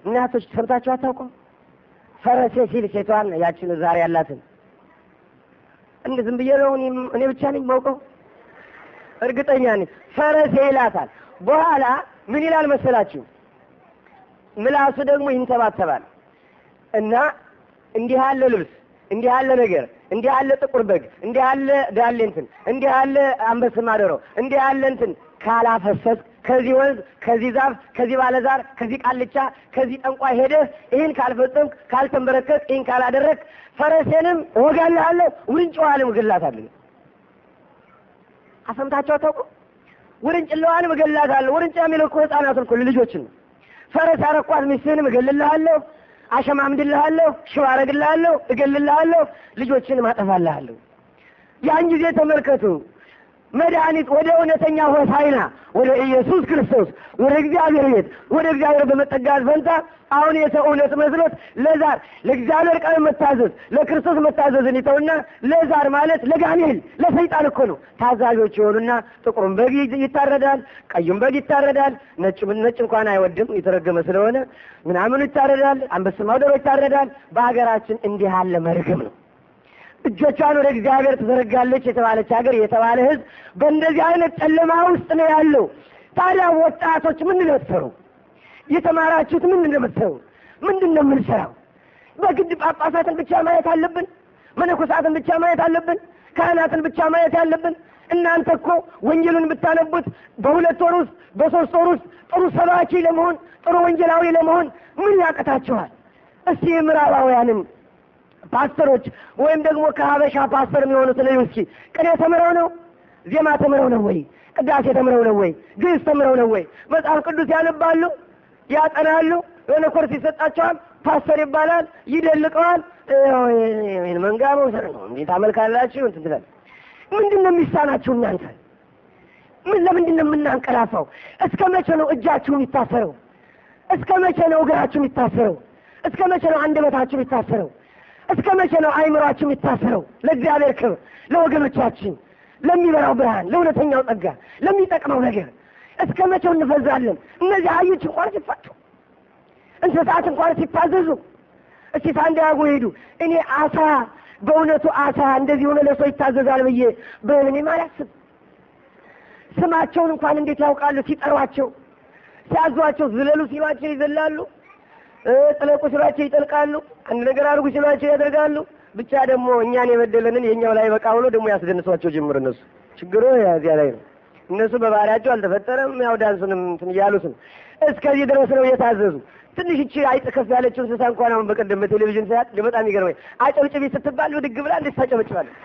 እናቶች ሰምታችሁ አታውቁም? ፈረሴ ሲል ሴቷን ያችን ዛሬ ያላትን እንደ ዝም ብዬ ነው እኔ ብቻ ነኝ ማውቀው፣ እርግጠኛ ነኝ ፈረሴ ይላታል። በኋላ ምን ይላል መሰላችሁ? ምላሱ ደግሞ ይንተባተባል እና እንዲህ ያለ ልብስ፣ እንዲህ ያለ ነገር፣ እንዲህ ያለ ጥቁር በግ፣ እንዲህ ያለ ዳሌ እንትን፣ እንዲህ ያለ አንበስ ማደሮ፣ እንዲህ ያለ እንትን ከዚህ ወንዝ፣ ከዚህ ዛፍ፣ ከዚህ ባለዛር፣ ከዚህ ቃልቻ፣ ከዚህ ጠንቋ ሄደህ ይህን ካልፈጸምክ፣ ካልተንበረከት፣ ይህን ካላደረግ ፈረሴንም እወጋልሃለሁ፣ ውርንጭዋንም እገላታለሁ። አሰምታቸው አታውቁ? ውርንጭላዋንም እገላታለሁ። ውርንጫ የሚለው እኮ ህፃናትን እኮ ልጆችን ነው። ፈረስ አረኳት ሚስትህንም እገልልሃለሁ፣ አሸማምድልሃለሁ፣ ሽባ አረግልሃለሁ፣ እገልልሃለሁ፣ ልጆችን ማጠፋልሃለሁ። ያን ጊዜ ተመልከቱ። መድኃኒት ወደ እውነተኛ ሆሳዕና ወደ ኢየሱስ ክርስቶስ ወደ እግዚአብሔር ቤት ወደ እግዚአብሔር በመጠጋት ፈንታ አሁን የሰው እውነት መስሎት ለዛር ለእግዚአብሔር ቃል መታዘዝ ለክርስቶስ መታዘዝን ይተውና ለዛር ማለት ለጋኔል ለሰይጣን እኮ ነው ታዛዦች የሆኑና ጥቁሩም በግ ይታረዳል፣ ቀዩም በግ ይታረዳል። ነጭ ነጭ እንኳን አይወድም የተረገመ ስለሆነ ምናምኑ ይታረዳል፣ አንበሳ ማደሮ ይታረዳል። በሀገራችን እንዲህ ያለ መርግም ነው። እጆቿን ወደ እግዚአብሔር ትዘረጋለች የተባለች ሀገር የተባለ ህዝብ በእንደዚህ አይነት ጨለማ ውስጥ ነው ያለው። ታዲያ ወጣቶች ምን ነው የተማራችሁት ምን ነው ምንድን ነው የምንሰራው? በግድ ጳጳሳትን ብቻ ማየት አለብን? መነኮሳትን ብቻ ማየት አለብን? ካህናትን ብቻ ማየት ያለብን? እናንተ እኮ ወንጌሉን ብታነቡት በሁለት ወር ውስጥ በሶስት ወር ውስጥ ጥሩ ሰባኪ ለመሆን ጥሩ ወንጌላዊ ለመሆን ምን ያቀታችኋል? እስቲ ምዕራባውያንን ፓስተሮች ወይም ደግሞ ከሀበሻ ፓስተር የሚሆኑ እዩ እስኪ ቅኔ ተምረው ነው? ዜማ ተምረው ነው ወይ? ቅዳሴ ተምረው ነው ወይ? ግዕዝ ተምረው ነው ወይ? መጽሐፍ ቅዱስ ያነባሉ፣ ያጠናሉ፣ የሆነ ኮርስ ይሰጣቸዋል። ፓስተር ይባላል፣ ይደልቀዋል። መንጋ መውሰድ ነው። እንዴት አመልካላችሁ? እንትን ምንድን ነው የሚሳናችሁ እናንተ? ምን ለምንድን ነው የምናንቀላፋው? እስከ መቼ ነው እጃችሁ የሚታሰረው? እስከ መቼ ነው እግራችሁ የሚታሰረው? እስከ መቼ ነው አንደበታችሁ የሚታሰረው? እስከ መቼ ነው አይምሯችሁ የሚታሰረው? ለእግዚአብሔር ክብር፣ ለወገኖቻችን፣ ለሚበራው ብርሃን፣ ለእውነተኛው ጸጋ፣ ለሚጠቅመው ነገር እስከ መቼው እንፈዛለን? እነዚህ አህዮች እንኳን ሲፋጩ እንስሳት እንኳን ሲታዘዙ፣ እስቲ ሳንዲያጎ ሄዱ። እኔ አሳ በእውነቱ አሳ እንደዚህ ሆነ ለሰው ይታዘዛል ብዬ በህልሜም ስም ስማቸውን እንኳን እንዴት ያውቃሉ? ሲጠሯቸው፣ ሲያዟቸው፣ ዝለሉ ሲሏቸው ይዘላሉ። ስለ ቁስላቸው ይጠልቃሉ። አንድ ነገር አድርጉ ሲሏቸው ያደርጋሉ። ብቻ ደግሞ እኛን የበደለንን የኛው ላይ በቃ ብሎ ደግሞ ያስደንሷቸው ጀምር። እነሱ ችግሩ እዚያ ላይ ነው። እነሱ በባህሪያቸው አልተፈጠረም። ያው ዳንሱንም እንትን እያሉት ነው። እስከዚህ ድረስ ነው የታዘዙ። ትንሽ እቺ አይጥ ከፍ ያለችው እንስሳ እንኳን አሁን በቀደም በቴሌቪዥን ሳያት በጣም ይገርመኝ። አጨብጭቢ ስትባል ብድግ ብላ እንዴት ታጨበጭባለች?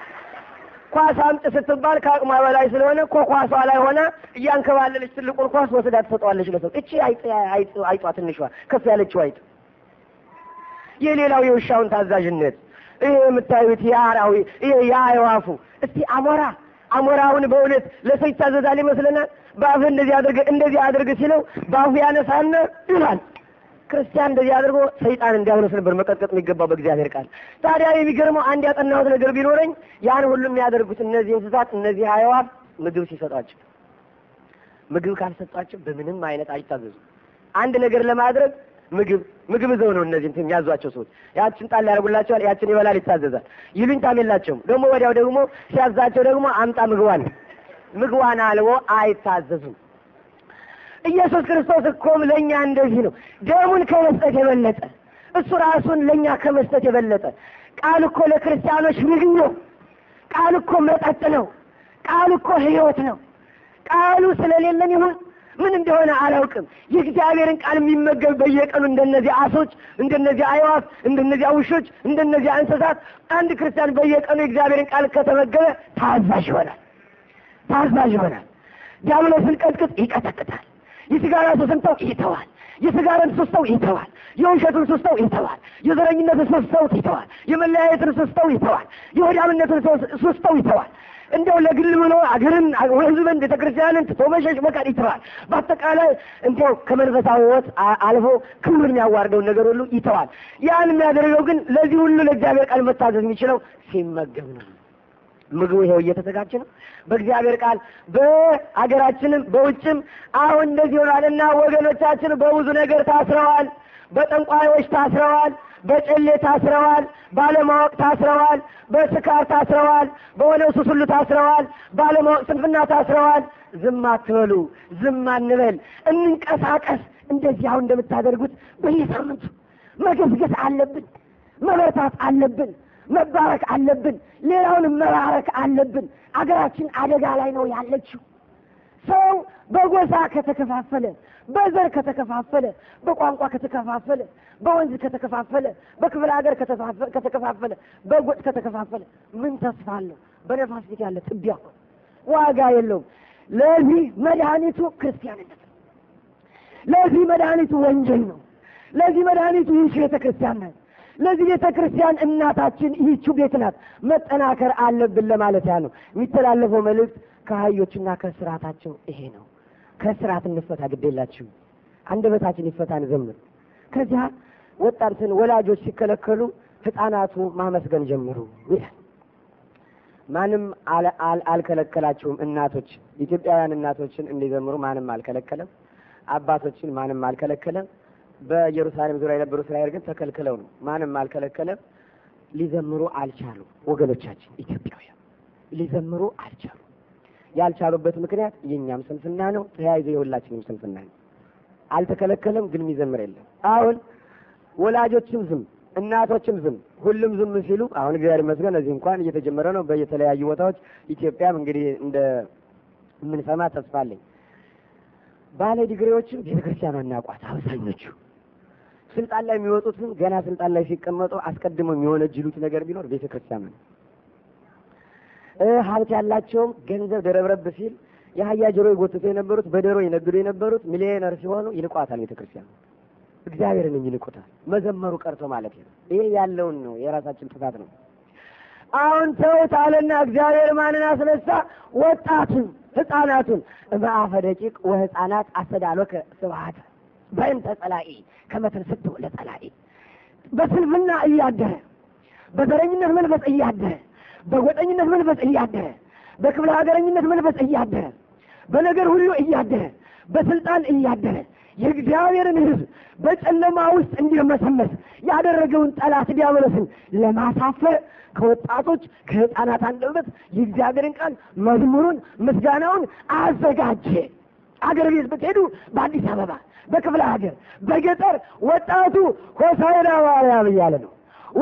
ኳስ አምጥ ስትባል ከአቅሟ በላይ ስለሆነ እኮ ኳሷ ላይ ሆና እያንከባለለች ትልቁን ኳስ ወስዳ ትሰጠዋለች ለሰው። እቺ አይጧ ትንሿ ከፍ ያለችው አይጥ የሌላው የውሻውን ታዛዥነት ይሄ የምታዩት የአራዊ ይሄ የአይዋፉ እስቲ አሞራ አሞራውን በእውነት ለሰው ይታዘዛል ይመስለናል? በአፍህ እንደዚህ አድርገህ እንደዚህ አድርገህ ሲለው በአፉ ያነሳና ይላል። ክርስቲያን እንደዚህ አድርጎ ሰይጣን እንዲያውነስ ነበር መቀጥቀጥ የሚገባው በእግዚአብሔር ቃል። ታዲያ የሚገርመው አንድ ያጠናሁት ነገር ቢኖረኝ ያን ሁሉ የሚያደርጉት እነዚህ እንስሳት እነዚህ አዕዋፍ ምግብ ሲሰጧቸው፣ ምግብ ካልሰጧቸው በምንም አይነት አይታዘዙ። አንድ ነገር ለማድረግ ምግብ ምግብ ዘው ነው እነዚህ እንትን ያዟቸው ሰዎች። ያችን ጣል ያደርጉላቸዋል፣ ያችን ይበላል፣ ይታዘዛል። ይሉኝታም የላቸውም። ደግሞ ወዲያው ደግሞ ሲያዛቸው ደግሞ አምጣ ምግቧን ምግቧን አልቦ አይታዘዙም። ኢየሱስ ክርስቶስ እኮም ለእኛ እንደዚህ ነው። ደሙን ከመስጠት የበለጠ እሱ ራሱን ለእኛ ከመስጠት የበለጠ ቃል እኮ ለክርስቲያኖች ምግብ ነው። ቃል እኮ መጠጥ ነው። ቃል እኮ ሕይወት ነው። ቃሉ ስለሌለን ይሁን ምን እንደሆነ አላውቅም። የእግዚአብሔርን ቃል የሚመገብ በየቀኑ እንደነዚህ አሶች፣ እንደነዚህ አይዋፍ፣ እንደነዚያ ውሾች፣ እንደነዚህ እንስሳት አንድ ክርስቲያን በየቀኑ የእግዚአብሔርን ቃል ከተመገበ ታዛዥ ይሆናል። ታዛዥ ይሆናል። ዲያብሎስን ቀጥቅጥ ይቀጠቅጣል። የሲጋራ ሱስን ሰው ይተዋል። የስጋርን ሱስ ሰው ይተዋል። የውሸቱን ሱስ ሰው ይተዋል። የዘረኝነትን ሱስ ሰው ይተዋል። የመለያየትን ሱስ ሰው ይተዋል። የሆዳምነትን ሱስ ሰው ይተዋል። እንደው ለግል ብሎ አገርን፣ ሕዝብን፣ ቤተ ክርስቲያንን ትቶ መሸሽ መካድ ይተዋል። በአጠቃላይ እንደው ከመንፈሳዊ ሕይወት አልፎ ክብር የሚያዋርደውን ነገር ሁሉ ይተዋል። ያን የሚያደርገው ግን ለዚህ ሁሉ ለእግዚአብሔር ቃል መታዘዝ የሚችለው ሲመገብ ነው። ምግቡ ይሄው እየተዘጋጀ ነው። በእግዚአብሔር ቃል በአገራችንም በውጭም አሁን እንደዚህ ሆኗልና ወገኖቻችን በብዙ ነገር ታስረዋል። በጠንቋዮች ታስረዋል። በጨሌ ታስረዋል። ባለማወቅ ታስረዋል። በስካር ታስረዋል። በሆነ ሱስ ሁሉ ታስረዋል። ባለማወቅ ስንፍና ታስረዋል። ዝም አትበሉ፣ ዝም አንበል፣ እንንቀሳቀስ። እንደዚህ አሁን እንደምታደርጉት በየሳምንቱ መገዝገዝ አለብን፣ መበርታት አለብን። መባረክ አለብን። ሌላውንም መባረክ አለብን። አገራችን አደጋ ላይ ነው ያለችው። ሰው በጎሳ ከተከፋፈለ፣ በዘር ከተከፋፈለ፣ በቋንቋ ከተከፋፈለ፣ በወንዝ ከተከፋፈለ፣ በክፍለ ሀገር ከተከፋፈለ፣ በጎጥ ከተከፋፈለ ምን ተስፋ አለው? በነፋስ ፊት ያለ ትቢያ ዋጋ የለውም። ለዚህ መድኃኒቱ ክርስቲያንነት ለዚህ መድኃኒቱ ወንጀል ነው። ለዚህ መድኃኒቱ ይህ ቤተ ክርስቲያን ነው። ለዚህ ቤተ ክርስቲያን እናታችን ይህቹ ቤት ናት። መጠናከር አለብን ለማለት ያ ነው። የሚተላለፈው መልእክት ከአህዮችና ከስርዓታቸው ይሄ ነው። ከስርዓት እንፈታ ግዴላችሁ፣ አንደበታችን ይፈታ እንዘምር። ከዚያ ወጣትን ወላጆች ሲከለከሉ ህፃናቱ ማመስገን ጀምሩ ማንም አልከለከላችሁም። እናቶች ኢትዮጵያውያን እናቶችን እንዲዘምሩ ማንም አልከለከለም። አባቶችን ማንም አልከለከለም። በኢየሩሳሌም ዙሪያ የነበሩ እስራኤል ግን ተከልክለው ነው። ማንም አልከለከለም። ሊዘምሩ አልቻሉ። ወገኖቻችን ኢትዮጵያውያን ሊዘምሩ አልቻሉ። ያልቻሉበት ምክንያት የእኛም ስንፍና ነው፣ ተያይዞ የሁላችንም ስንፍና ነው። አልተከለከለም፣ ግን የሚዘምር የለም። አሁን ወላጆችም ዝም፣ እናቶችም ዝም፣ ሁሉም ዝም ሲሉ አሁን እግዚአብሔር ይመስገን እዚህ እንኳን እየተጀመረ ነው በየተለያዩ ቦታዎች። ኢትዮጵያም እንግዲህ እንደምንሰማ ተስፋ አለኝ። ባለ ዲግሪዎችም ቤተክርስቲያኗ እናቋት አብዛኞቹ ስልጣን ላይ የሚወጡትን ገና ስልጣን ላይ ሲቀመጡ አስቀድሞ የሆነ ጅሉት ነገር ቢኖር ቤተ ክርስቲያን ነው። ሀብት ያላቸውም ገንዘብ ደረብረብ ሲል የአህያ ጆሮ የጎተቱ የነበሩት በደሮ ይነግዱ የነበሩት ሚሊዮነር ሲሆኑ ይንቋታል ክርስቲያን እግዚአብሔርን ይንቁታል። መዘመሩ ቀርቶ ማለት ነው። ይሄ ያለውን ነው፣ የራሳችን ጥፋት ነው። አሁን ተውት አለና እግዚአብሔር ማንን አስነሳ? ወጣቱን፣ ህፃናቱን። እምአፈ ደቂቅ ወህፃናት አስተዳሎከ ስብሐት በእንተ ጸላኢ ከመትንስት ለጸላኢ በስንፍና እያደረ በዘረኝነት መንፈስ እያደረ በጎጠኝነት መንፈስ እያደረ በክፍለ ሀገረኝነት መንፈስ እያደረ በነገር ሁሉ እያደረ በስልጣን እያደረ የእግዚአብሔርን ሕዝብ በጨለማ ውስጥ እንዲመሰመስ ያደረገውን ጠላት ዲያብሎስን ለማሳፈር ከወጣቶች ከሕፃናት አንደበት የእግዚአብሔርን ቃል መዝሙሩን ምስጋናውን አዘጋጀ። አገር ቤት ብትሄዱ በአዲስ አበባ፣ በክፍለ ሀገር፣ በገጠር ወጣቱ ሆሳዕና በአርያም እያለ ነው።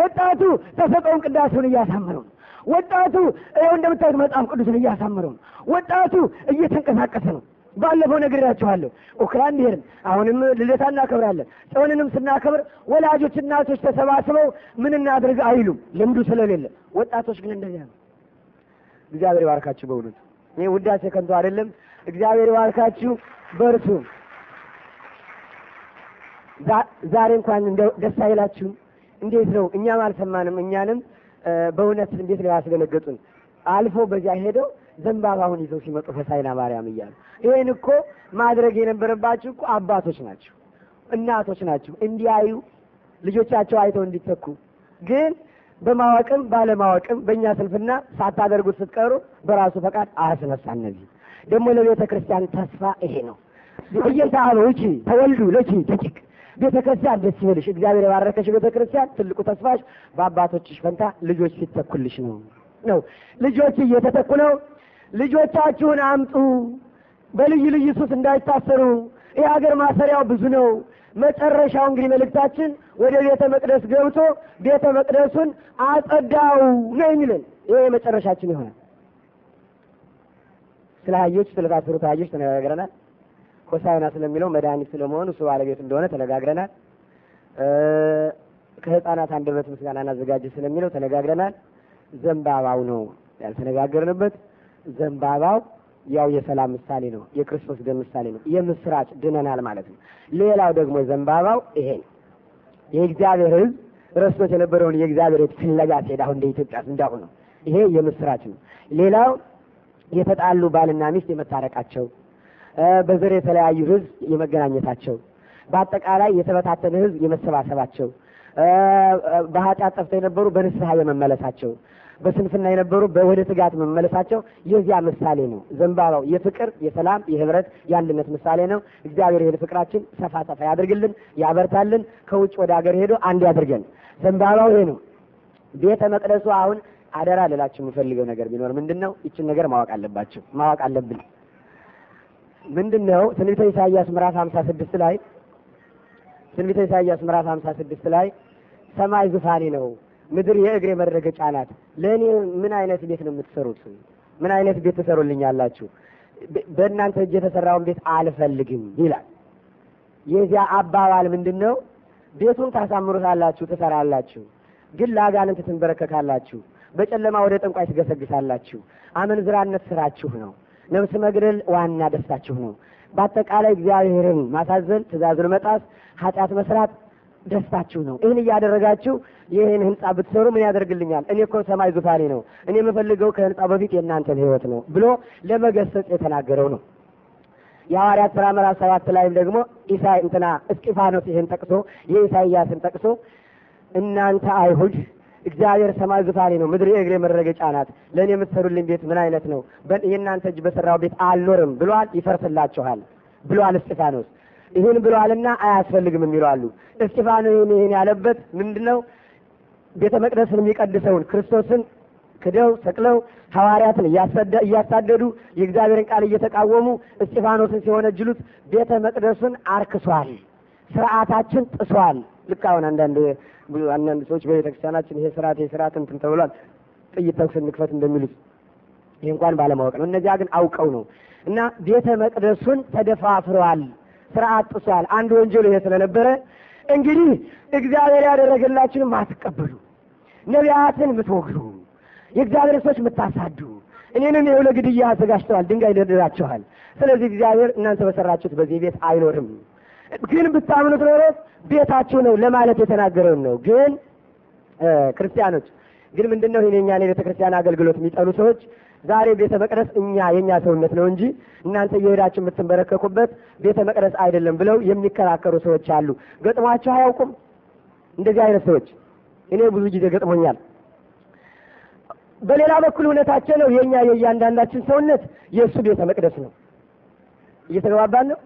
ወጣቱ ተሰጠውን ቅዳሴውን እያሳመረው ነው። ወጣቱ ይኸው እንደምታዩት መጽሐፍ ቅዱስን እያሳመረው ነው። ወጣቱ እየተንቀሳቀሰ ነው። ባለፈው ነግሬያችኋለሁ። ኡክራይን ሄድን። አሁንም ልደታ እናከብራለን። ጽዮንንም ስናከብር ወላጆች እናቶች ተሰባስበው ምን እናድርግ አይሉም፣ ልምዱ ስለሌለ። ወጣቶች ግን እንደዚያ ነው። እግዚአብሔር ይባርካችሁ በእውነት ይህ ውዳሴ ከንቱ አይደለም። እግዚአብሔር ይባርካችሁ። በርቱ። ዛሬ እንኳን ደስ አይላችሁም? እንዴት ነው? እኛም አልሰማንም። እኛንም በእውነት እንዴት ነው ያስደነገጡን። አልፎ በዚያ ሄደው ዘንባባውን ይዘው ሲመጡ ሆሳዕና ማርያም እያሉ ይሄን እኮ ማድረግ የነበረባችሁ እኮ አባቶች ናቸው፣ እናቶች ናቸው። እንዲያዩ ልጆቻቸው አይተው እንዲተኩ ግን በማወቅም ባለማወቅም በእኛ ስልፍና ሳታደርጉት ስትቀሩ በራሱ ፈቃድ አያስነሳ እነዚህ ደግሞ ለቤተ ክርስቲያን ተስፋ ይሄ ነው። እየሳሉ እቺ ተወልዱ ለቺ ደቂቅ ቤተ ክርስቲያን ደስ ይበልሽ። እግዚአብሔር የባረከሽ ቤተ ክርስቲያን ትልቁ ተስፋሽ በአባቶችሽ ፈንታ ልጆች ሲተኩልሽ ነው ነው ልጆች እየተተኩ ነው። ልጆቻችሁን አምጡ፣ በልዩ ልዩ ሱስ እንዳይታሰሩ። የሀገር ማሰሪያው ብዙ ነው። መጨረሻው እንግዲህ መልእክታችን ወደ ቤተ መቅደስ ገብቶ ቤተ መቅደሱን አጸዳው ነው የሚለን። ይሄ መጨረሻችን ይሆናል። ስለ አህዮች ስለታሰሩት አህዮች ተነጋግረናል። ሆሳዕና ስለሚለው መድኃኒት ስለመሆኑ እሱ ባለቤት እንደሆነ ተነጋግረናል። ከህፃናት አንደበት ምስጋና እናዘጋጅ ስለሚለው ተነጋግረናል። ዘንባባው ነው ያልተነጋገርንበት። ዘንባባው ያው የሰላም ምሳሌ ነው፣ የክርስቶስ ደም ምሳሌ ነው። የምስራች ድነናል ማለት ነው። ሌላው ደግሞ ዘንባባው ይሄ ነው። የእግዚአብሔር ሕዝብ ረስቶት የነበረውን የእግዚአብሔር ፍለጋ ሲሄድ አሁን እንደ ኢትዮጵያ እንዳሁን ነው። ይሄ የምስራች ነው። ሌላው የተጣሉ ባልና ሚስት የመታረቃቸው፣ በዘር የተለያዩ ህዝብ የመገናኘታቸው፣ በአጠቃላይ የተበታተነ ህዝብ የመሰባሰባቸው፣ በኃጢአት ጠፍተው የነበሩ በንስሐ የመመለሳቸው፣ በስንፍና የነበሩ ወደ ትጋት መመለሳቸው የዚያ ምሳሌ ነው። ዘንባባው የፍቅር የሰላም የህብረት የአንድነት ምሳሌ ነው። እግዚአብሔር ይህን ፍቅራችን ሰፋ ሰፋ ያድርግልን፣ ያበርታልን። ከውጭ ወደ ሀገር ሄዶ አንድ ያድርገን። ዘንባባው ይሄ ነው። ቤተ መቅደሱ አሁን አደራ ልላችሁ የምፈልገው ነገር ቢኖር ምንድነው ይችን ነገር ማወቅ አለባችሁ፣ ማወቅ አለብን። ምንድነው ትንቢተ ኢሳያስ ምዕራፍ 56 ስድስት ላይ ትንቢተ ኢሳያስ ምዕራፍ 56 ላይ ሰማይ ዙፋኔ ነው፣ ምድር የእግሬ መረገጫ ናት። ለእኔ ምን አይነት ቤት ነው የምትሰሩት? ምን አይነት ቤት ትሰሩልኛላችሁ? በእናንተ እጅ የተሰራውን ቤት አልፈልግም ይላል። የዚያ አባባል ምንድነው ነው? ቤቱን ታሳምሩታላችሁ፣ ትሰራላችሁ፣ ግን ለአጋንንት ትንበረከካላችሁ በጨለማ ወደ ጠንቋይ ትገሰግሳላችሁ። አመንዝራነት ስራችሁ ነው። ነፍስ መግደል ዋና ደስታችሁ ነው። በአጠቃላይ እግዚአብሔርን ማሳዘን፣ ትእዛዙን መጣስ፣ ኃጢአት መስራት ደስታችሁ ነው። ይህን እያደረጋችሁ ይህን ህንጻ ብትሰሩ ምን ያደርግልኛል? እኔ እኮ ሰማይ ዙፋኔ ነው። እኔ የምፈልገው ከህንፃው በፊት የእናንተን ህይወት ነው ብሎ ለመገሰጽ የተናገረው ነው። የሐዋርያት ሥራ ምዕራፍ ሰባት ላይም ደግሞ ኢሳይ እንትና እስጢፋኖስ ይህን ጠቅሶ የኢሳይያስን ጠቅሶ እናንተ አይሁድ እግዚአብሔር ሰማይ ዙፋኔ ነው፣ ምድር የእግሬ መረገጫ ናት። ለእኔ የምትሰሩልኝ ቤት ምን አይነት ነው? የእናንተ እጅ በሰራው ቤት አልኖርም ብሏል። ይፈርስላችኋል ብሏል እስጢፋኖስ። ይህን ብሏልና አያስፈልግም የሚሉ አሉ። እስጢፋኖስ ይህን ይህን ያለበት ምንድን ነው? ቤተ መቅደስን የሚቀድሰውን ክርስቶስን ክደው ሰቅለው ሐዋርያትን እያሳደዱ የእግዚአብሔርን ቃል እየተቃወሙ እስጢፋኖስን ሲሆነ ጅሉት ቤተ መቅደሱን አርክሷል፣ ስርዓታችን ጥሷል ልክ አሁን አንዳንድ አንዳንድ ሰዎች በቤተክርስቲያናችን ይሄ ስርዓት ይሄ ስርዓት እንትን ተብሏል፣ ጥይት ተኩስ እንክፈት እንደሚሉት ይህ እንኳን ባለማወቅ ነው። እነዚያ ግን አውቀው ነው እና ቤተ መቅደሱን ተደፋፍረዋል፣ ስርዓት ጥሷል። አንድ ወንጀል ይሄ ስለነበረ እንግዲህ እግዚአብሔር ያደረገላችሁን አትቀበሉ፣ ነቢያትን የምትወግዱ የእግዚአብሔር ሰዎች የምታሳዱ እኔንም የሁለ ግድያ አዘጋጅተዋል፣ ድንጋይ ደርድራችኋል። ስለዚህ እግዚአብሔር እናንተ በሰራችሁት በዚህ ቤት አይኖርም ግን ብታምኑት ኖሮ ቤታችሁ ነው ለማለት የተናገረውን ነው። ግን ክርስቲያኖች ግን ምንድን ነው ይሄን የኛን የቤተ ክርስቲያን አገልግሎት የሚጠሉ ሰዎች ዛሬ ቤተ መቅደስ እኛ የኛ ሰውነት ነው እንጂ እናንተ እየሄዳችሁ የምትንበረከኩበት ቤተ መቅደስ አይደለም ብለው የሚከራከሩ ሰዎች አሉ። ገጥሟቸው አያውቁም? እንደዚህ አይነት ሰዎች እኔ ብዙ ጊዜ ገጥሞኛል። በሌላ በኩል እውነታቸው ነው። የኛ የእያንዳንዳችን ሰውነት የእሱ ቤተ መቅደስ ነው። እየተገባባን ነው።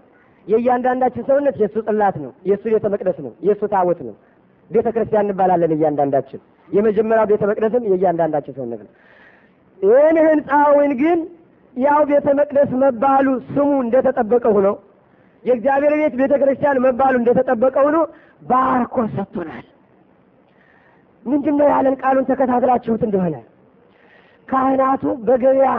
የእያንዳንዳችን ሰውነት የእሱ ጽላት ነው፣ የእሱ ቤተ መቅደስ ነው፣ የእሱ ታቦት ነው። ቤተ ክርስቲያን እንባላለን እያንዳንዳችን። የመጀመሪያው ቤተ መቅደስም የእያንዳንዳችን ሰውነት ነው። ይህን ህንፃውን ግን ያው ቤተ መቅደስ መባሉ ስሙ እንደተጠበቀ ሆኖ የእግዚአብሔር ቤት ቤተ ክርስቲያን መባሉ እንደተጠበቀ ሆኖ ባርኮ ሰጥቶናል። ምንድን ነው ያለን? ቃሉን ተከታትላችሁት እንደሆነ ካህናቱ በገበያ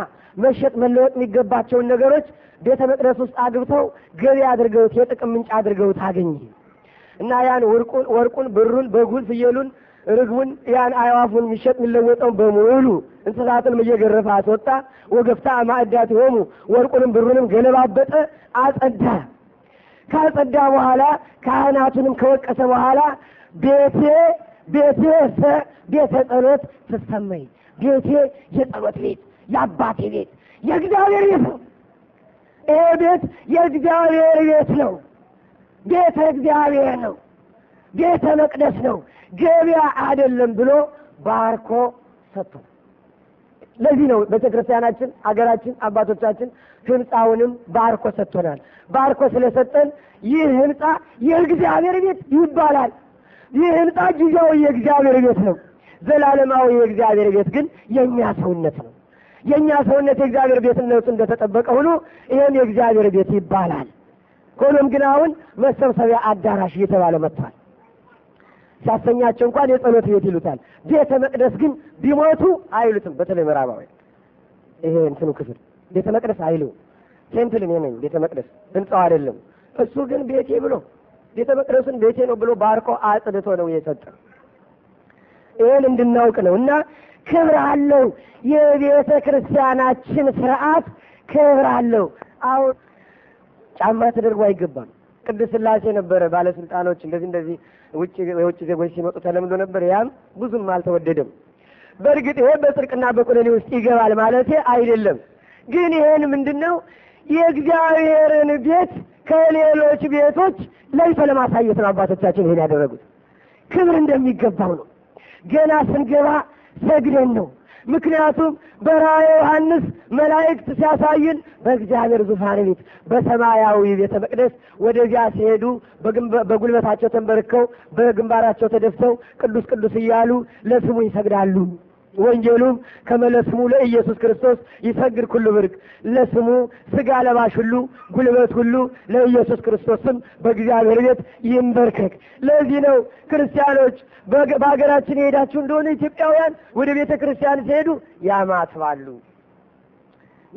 መሸጥ መለወጥ የሚገባቸውን ነገሮች ቤተ መቅደስ ውስጥ አግብተው ገቢ አድርገውት የጥቅም ምንጭ አድርገውት አገኘ እና ያን ወርቁን ብሩን በጉን ፍየሉን ርግቡን ያን አይዋፉን የሚሸጥ የሚለወጠውን በሙሉ እንስሳትንም እየገረፈ አስወጣ። ወገፍታ ማዕዳት ሆሙ ወርቁንም ብሩንም ገለባበጠ፣ አጸዳ። ካጸዳ በኋላ ካህናቱንም ከወቀሰ በኋላ ቤቴ ቤቴ ቤተ ጸሎት ትሰማኝ፣ ቤቴ የጸሎት ቤት የአባቴ ቤት የእግዚአብሔር ቤት ነው ይሄ ቤት የእግዚአብሔር ቤት ነው። ቤተ እግዚአብሔር ነው። ቤተ መቅደስ ነው፣ ገበያ አይደለም ብሎ ባርኮ ሰጥቶ ለዚህ ነው ቤተ ክርስቲያናችን፣ አገራችን፣ አባቶቻችን ህንፃውንም ባርኮ ሰጥቶናል። ባርኮ ስለሰጠን ይህ ህንፃ የእግዚአብሔር ቤት ይባላል። ይህ ህንፃ ጊዜያዊ የእግዚአብሔር ቤት ነው። ዘላለማዊ የእግዚአብሔር ቤት ግን የእኛ ሰውነት ነው። የእኛ ሰውነት የእግዚአብሔር ቤትነቱ እንደተጠበቀ ሁሉ ይህም የእግዚአብሔር ቤት ይባላል። ሆኖም ግን አሁን መሰብሰቢያ አዳራሽ እየተባለ መጥቷል። ሲያሰኛቸው እንኳን የጸሎት ቤት ይሉታል። ቤተ መቅደስ ግን ቢሞቱ አይሉትም። በተለይ ምዕራባዊ ይሄ እንትኑ ክፍል ቤተ መቅደስ አይሉ ቴምፕልን እኔ ቤተ መቅደስ ህንጻው አይደለም። እሱ ግን ቤቴ ብሎ ቤተ መቅደሱን ቤቴ ነው ብሎ ባርኮ አጽድቶ ነው የሰጠ። ይህን እንድናውቅ ነው እና ክብር አለው። የቤተ ክርስቲያናችን ስርዓት ክብር አለው። አሁን ጫማ ተደርጎ አይገባም። ቅድስት ስላሴ ነበረ ባለስልጣኖች እንደዚህ እንደዚህ ውጭ የውጭ ዜጎች ሲመጡ ተለምዶ ነበር። ያም ብዙም አልተወደደም። በእርግጥ ይሄ በጽድቅና በቁነኔ ውስጥ ይገባል ማለት አይደለም። ግን ይሄን ምንድን ነው የእግዚአብሔርን ቤት ከሌሎች ቤቶች ለይቶ ለማሳየት ነው አባቶቻችን ይሄን ያደረጉት። ክብር እንደሚገባው ነው። ገና ስንገባ ነግደን ነው። ምክንያቱም በራእየ ዮሐንስ መላእክት ሲያሳይን በእግዚአብሔር ዙፋን ፊት በሰማያዊ ቤተ መቅደስ ወደዚያ ሲሄዱ በጉልበታቸው ተንበርከው በግንባራቸው ተደፍተው ቅዱስ ቅዱስ እያሉ ለስሙ ይሰግዳሉ። ወንጌሉም ከመለስሙ ለኢየሱስ ክርስቶስ ይሰግድ ኩሉ ብርቅ ለስሙ ስጋ ለባሽ ሁሉ ጉልበት ሁሉ ለኢየሱስ ክርስቶስም በእግዚአብሔር ቤት ይንበርከክ። ለዚህ ነው ክርስቲያኖች በሀገራችን የሄዳችሁ እንደሆነ ኢትዮጵያውያን ወደ ቤተ ክርስቲያን ሲሄዱ ያማትባሉ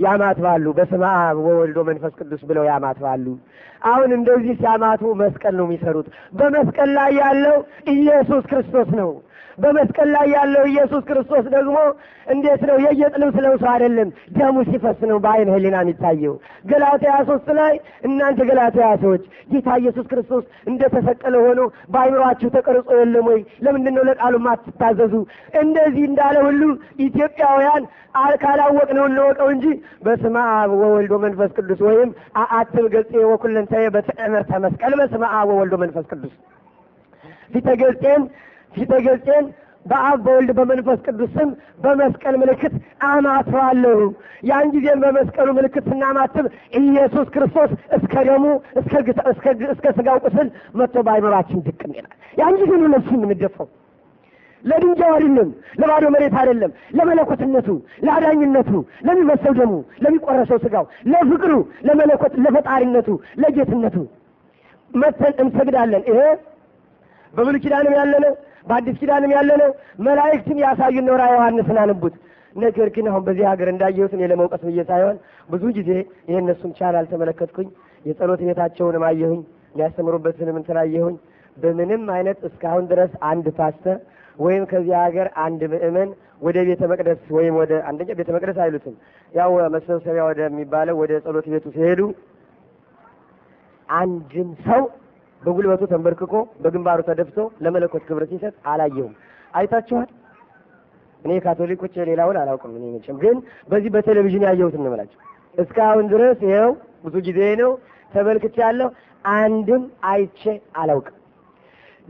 ያማትባሉ በስመ አብ ወወልዶ መንፈስ ቅዱስ ብለው ያማትባሉ። አሁን እንደዚህ ሲያማቱ መስቀል ነው የሚሰሩት። በመስቀል ላይ ያለው ኢየሱስ ክርስቶስ ነው። በመስቀል ላይ ያለው ኢየሱስ ክርስቶስ ደግሞ እንዴት ነው? የጌጥ ልብስ ለብሶ አይደለም፣ ደሙ ሲፈስ ነው በአይን ህሊና የሚታየው። ገላትያ ሶስት ላይ እናንተ ገላትያ ሰዎች ጌታ ኢየሱስ ክርስቶስ እንደተሰቀለ ሆኖ በአይምሯችሁ ተቀርጾ የለም ወይ? ለምንድን ነው ለቃሉ ማትታዘዙ? እንደዚህ እንዳለ ሁሉ ኢትዮጵያውያን አልካላወቅ ነው እንወቀው እንጂ በስመ አብ ወወልድ ወመንፈስ ቅዱስ ወይም አአትም ገጽ ወኩለንተ በትዕምርተ መስቀል በስመ አብ ወወልድ ወመንፈስ ቅዱስ ፊተ ገጽን ሲተገልጬን በአብ በወልድ በመንፈስ ቅዱስ ስም በመስቀል ምልክት አማትባለሁ። ያን ጊዜም በመስቀሉ ምልክት ስናማትብ ኢየሱስ ክርስቶስ እስከ ደሙ እስከ ስጋው ቁስል መጥቶ በአይምሯችን ድቅም ይላል። ያን ጊዜ ነው ነፍሱ የምንደፋው። ለድንጃው አይደለም፣ ለባዶ መሬት አይደለም፣ ለመለኮትነቱ፣ ለአዳኝነቱ፣ ለሚመሰው ደሙ፣ ለሚቆረሰው ስጋው፣ ለፍቅሩ፣ ለመለኮት፣ ለፈጣሪነቱ፣ ለጌትነቱ መተን እንሰግዳለን። ይሄ በብሉይ ኪዳንም በአዲስ ኪዳንም ያለ ነው። መላእክትም ያሳዩ ኖራ ራዕየ ዮሐንስን አንቡት። ነገር ግን አሁን በዚህ ሀገር እንዳየሁት እኔ ለመውቀስ ብዬ ሳይሆን ብዙ ጊዜ ይህን እነሱም ቻል አልተመለከትኩኝ። የጸሎት ቤታቸውንም አየሁኝ፣ የሚያስተምሩበትንም እንትን አየሁኝ። በምንም አይነት እስካሁን ድረስ አንድ ፓስተር ወይም ከዚህ ሀገር አንድ ምእመን ወደ ቤተ መቅደስ ወይም ወደ አንደኛ ቤተ መቅደስ አይሉትም ያው መሰብሰቢያ ወደሚባለው ወደ ጸሎት ቤቱ ሲሄዱ አንድም ሰው በጉልበቱ ተንበርክኮ በግንባሩ ተደፍቶ ለመለኮት ክብር ሲሰጥ አላየሁም። አይታችኋል? እኔ ካቶሊኮች ሌላውን አላውቅም። እኔ መቼም ግን በዚህ በቴሌቪዥን ያየሁት እንበላቸው እስካሁን ድረስ ይኸው ብዙ ጊዜ ነው ተመልክቼ አንድም አይቼ አላውቅም።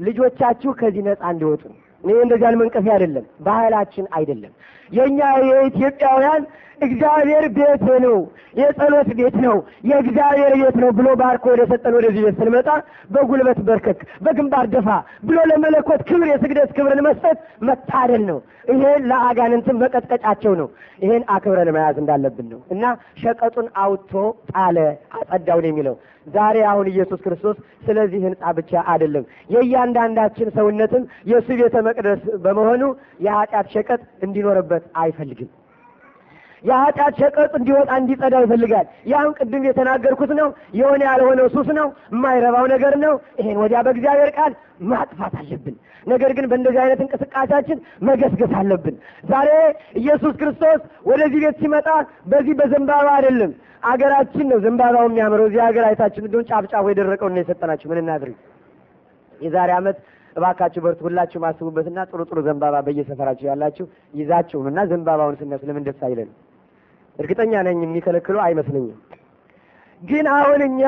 ልጆቻችሁ ከዚህ ነፃ እንዲወጡ ነው እኔ እንደዚያን መንቀፌ አይደለም፣ ባህላችን አይደለም። የእኛ የኢትዮጵያውያን እግዚአብሔር ቤት ነው፣ የጸሎት ቤት ነው፣ የእግዚአብሔር ቤት ነው ብሎ ባርኮ ወደ ሰጠን ወደዚህ ቤት ስንመጣ በጉልበት በርከክ፣ በግንባር ደፋ ብሎ ለመለኮት ክብር የስግደት ክብርን መስጠት መታደል ነው። ይሄ ለአጋንንትን መቀጥቀጫቸው ነው። ይሄን አክብረን መያዝ እንዳለብን ነው እና ሸቀጡን አውጥቶ ጣለ አጸዳውን የሚለው ዛሬ አሁን ኢየሱስ ክርስቶስ ስለዚህ ህንጻ ብቻ አይደለም የእያንዳንዳችን ሰውነትም የእሱ ቤተ መቅደስ በመሆኑ የኃጢአት ሸቀጥ እንዲኖርበት አይፈልግም። የኃጢአት ሸቀጥ እንዲወጣ እንዲጸዳው ይፈልጋል። ያም ቅድም የተናገርኩት ነው። የሆነ ያልሆነው ሱስ ነው፣ የማይረባው ነገር ነው። ይሄን ወዲያ በእግዚአብሔር ቃል ማጥፋት አለብን። ነገር ግን በእንደዚህ አይነት እንቅስቃሴያችን መገስገስ አለብን። ዛሬ ኢየሱስ ክርስቶስ ወደዚህ ቤት ሲመጣ በዚህ በዘንባባ አይደለም፣ አገራችን ነው ዘንባባው የሚያምረው። እዚህ ሀገር አይታችን እንደሆነ ጫፍጫፉ የደረቀው ነው የሰጠናችሁ። ምን እናድርግ? የዛሬ ዓመት እባካችሁ በርቱ፣ ሁላችሁ ማስቡበትና ጥሩ ጥሩ ዘንባባ በየሰፈራችሁ ያላችሁ ይዛችሁ እና ዘንባባውን ስነት ለምን ደስ አይለን? እርግጠኛ ነኝ የሚከለክሉ አይመስለኝም። ግን አሁን እኛ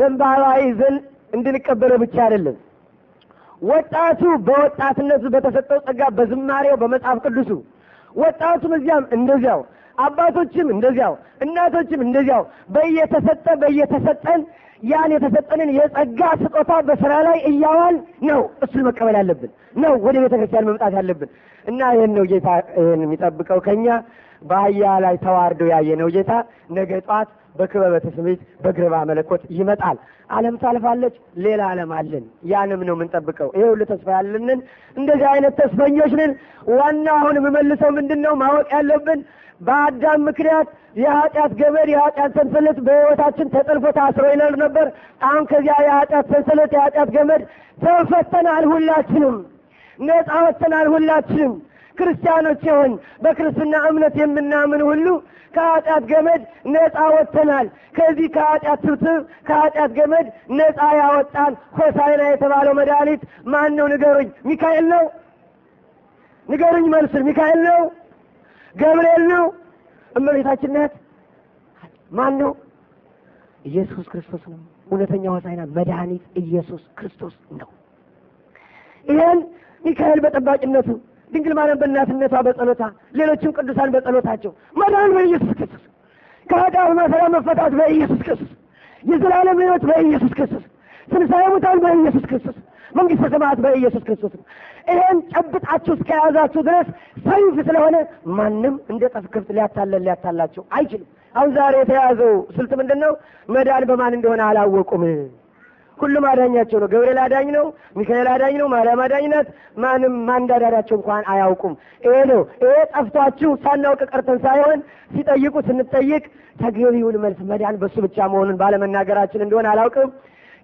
ዘንባባ ይዘን እንድንቀበለው ብቻ አይደለም ወጣቱ በወጣትነቱ በተሰጠው ጸጋ በዝማሬው በመጽሐፍ ቅዱሱ ወጣቱም እዚያም እንደዚያው አባቶችም እንደዚያው እናቶችም እንደዚያው በየተሰጠ በየተሰጠን ያን የተሰጠንን የጸጋ ስጦታ በስራ ላይ እያዋል ነው እሱን መቀበል ያለብን ነው ወደ ቤተ ክርስቲያን መምጣት ያለብን እና ይህን ነው ጌታ ይህን የሚጠብቀው ከኛ በአህያ ላይ ተዋርዶ ያየነው ጌታ ነገ ጠዋት በክበበ ትስብእት በግርማ መለኮት ይመጣል። ዓለም ታልፋለች፣ ሌላ ዓለም አለን። ያንም ነው የምንጠብቀው። ይሄ ሁሉ ተስፋ ያለንን እንደዚህ አይነት ተስፈኞች ነን። ዋና አሁን የምመልሰው ምንድን ነው ማወቅ ያለብን በአዳም ምክንያት የኃጢአት ገመድ የኃጢአት ሰንሰለት በሕይወታችን ተጠልፎ ታስሮ ይኖር ነበር። አሁን ከዚያ የኃጢአት ሰንሰለት የኃጢአት ገመድ ተፈተናል። ሁላችንም ነፃ ወጥተናል። ሁላችንም ክርስቲያኖች ሆን በክርስትና እምነት የምናምን ሁሉ ከኃጢአት ገመድ ነፃ ወጥተናል። ከዚህ ከኃጢአት ትብትብ ከኃጢአት ገመድ ነፃ ያወጣን ሆሳይና የተባለው መድኃኒት ማን ነው? ንገሩኝ። ሚካኤል ነው? ንገሩኝ መልሱን። ሚካኤል ነው? ገብርኤል ነው? እመቤታችን ናት? ማን ነው? ኢየሱስ ክርስቶስ ነው። እውነተኛ ሆሳይና መድኃኒት ኢየሱስ ክርስቶስ ነው። ይህን ሚካኤል በጠባቂነቱ ድንግል ማርያም በእናትነቷ በጸሎታ ሌሎችም ቅዱሳን በጸሎታቸው መዳን በኢየሱስ ክርስቶስ ከኃጢአት ማሰሪያ መፈታት በኢየሱስ ክርስቶስ የዘላለም ሕይወት በኢየሱስ ክርስቶስ ትንሣኤ ሙታን በኢየሱስ ክርስቶስ መንግሥተ ሰማያት በኢየሱስ ክርስቶስ ይሄን ጨብጣችሁ እስከያዛችሁ ድረስ ሰይፍ ስለሆነ ማንም እንደ ጠፍ ክፍት ሊያታለል ሊያታላችሁ አይችልም። አሁን ዛሬ የተያዘው ስልት ምንድን ነው? መዳን በማን እንደሆነ አላወቁም። ሁሉም አዳኛቸው ነው። ገብርኤል አዳኝ ነው። ሚካኤል አዳኝ ነው። ማርያም አዳኝ ናት። ማንም ማንዳዳዳቸው እንኳን አያውቁም። ይሄ ነው ይሄ ጠፍቷችሁ ሳናውቅ ቀርተን ሳይሆን ሲጠይቁ ስንጠይቅ ተገቢውን መልስ መዳን በሱ ብቻ መሆኑን ባለመናገራችን እንደሆነ አላውቅም።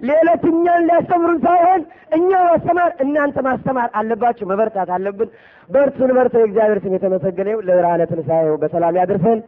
ሌሎች እኛን ሊያስተምሩን ሳይሆን እኛ ማስተማር እናንተ ማስተማር አለባችሁ። መበርታት አለብን። በርቱን በርተው የእግዚአብሔር ስም የተመሰገነው ለብርሃነ ትንሣኤው በሰላም ያድርሰን።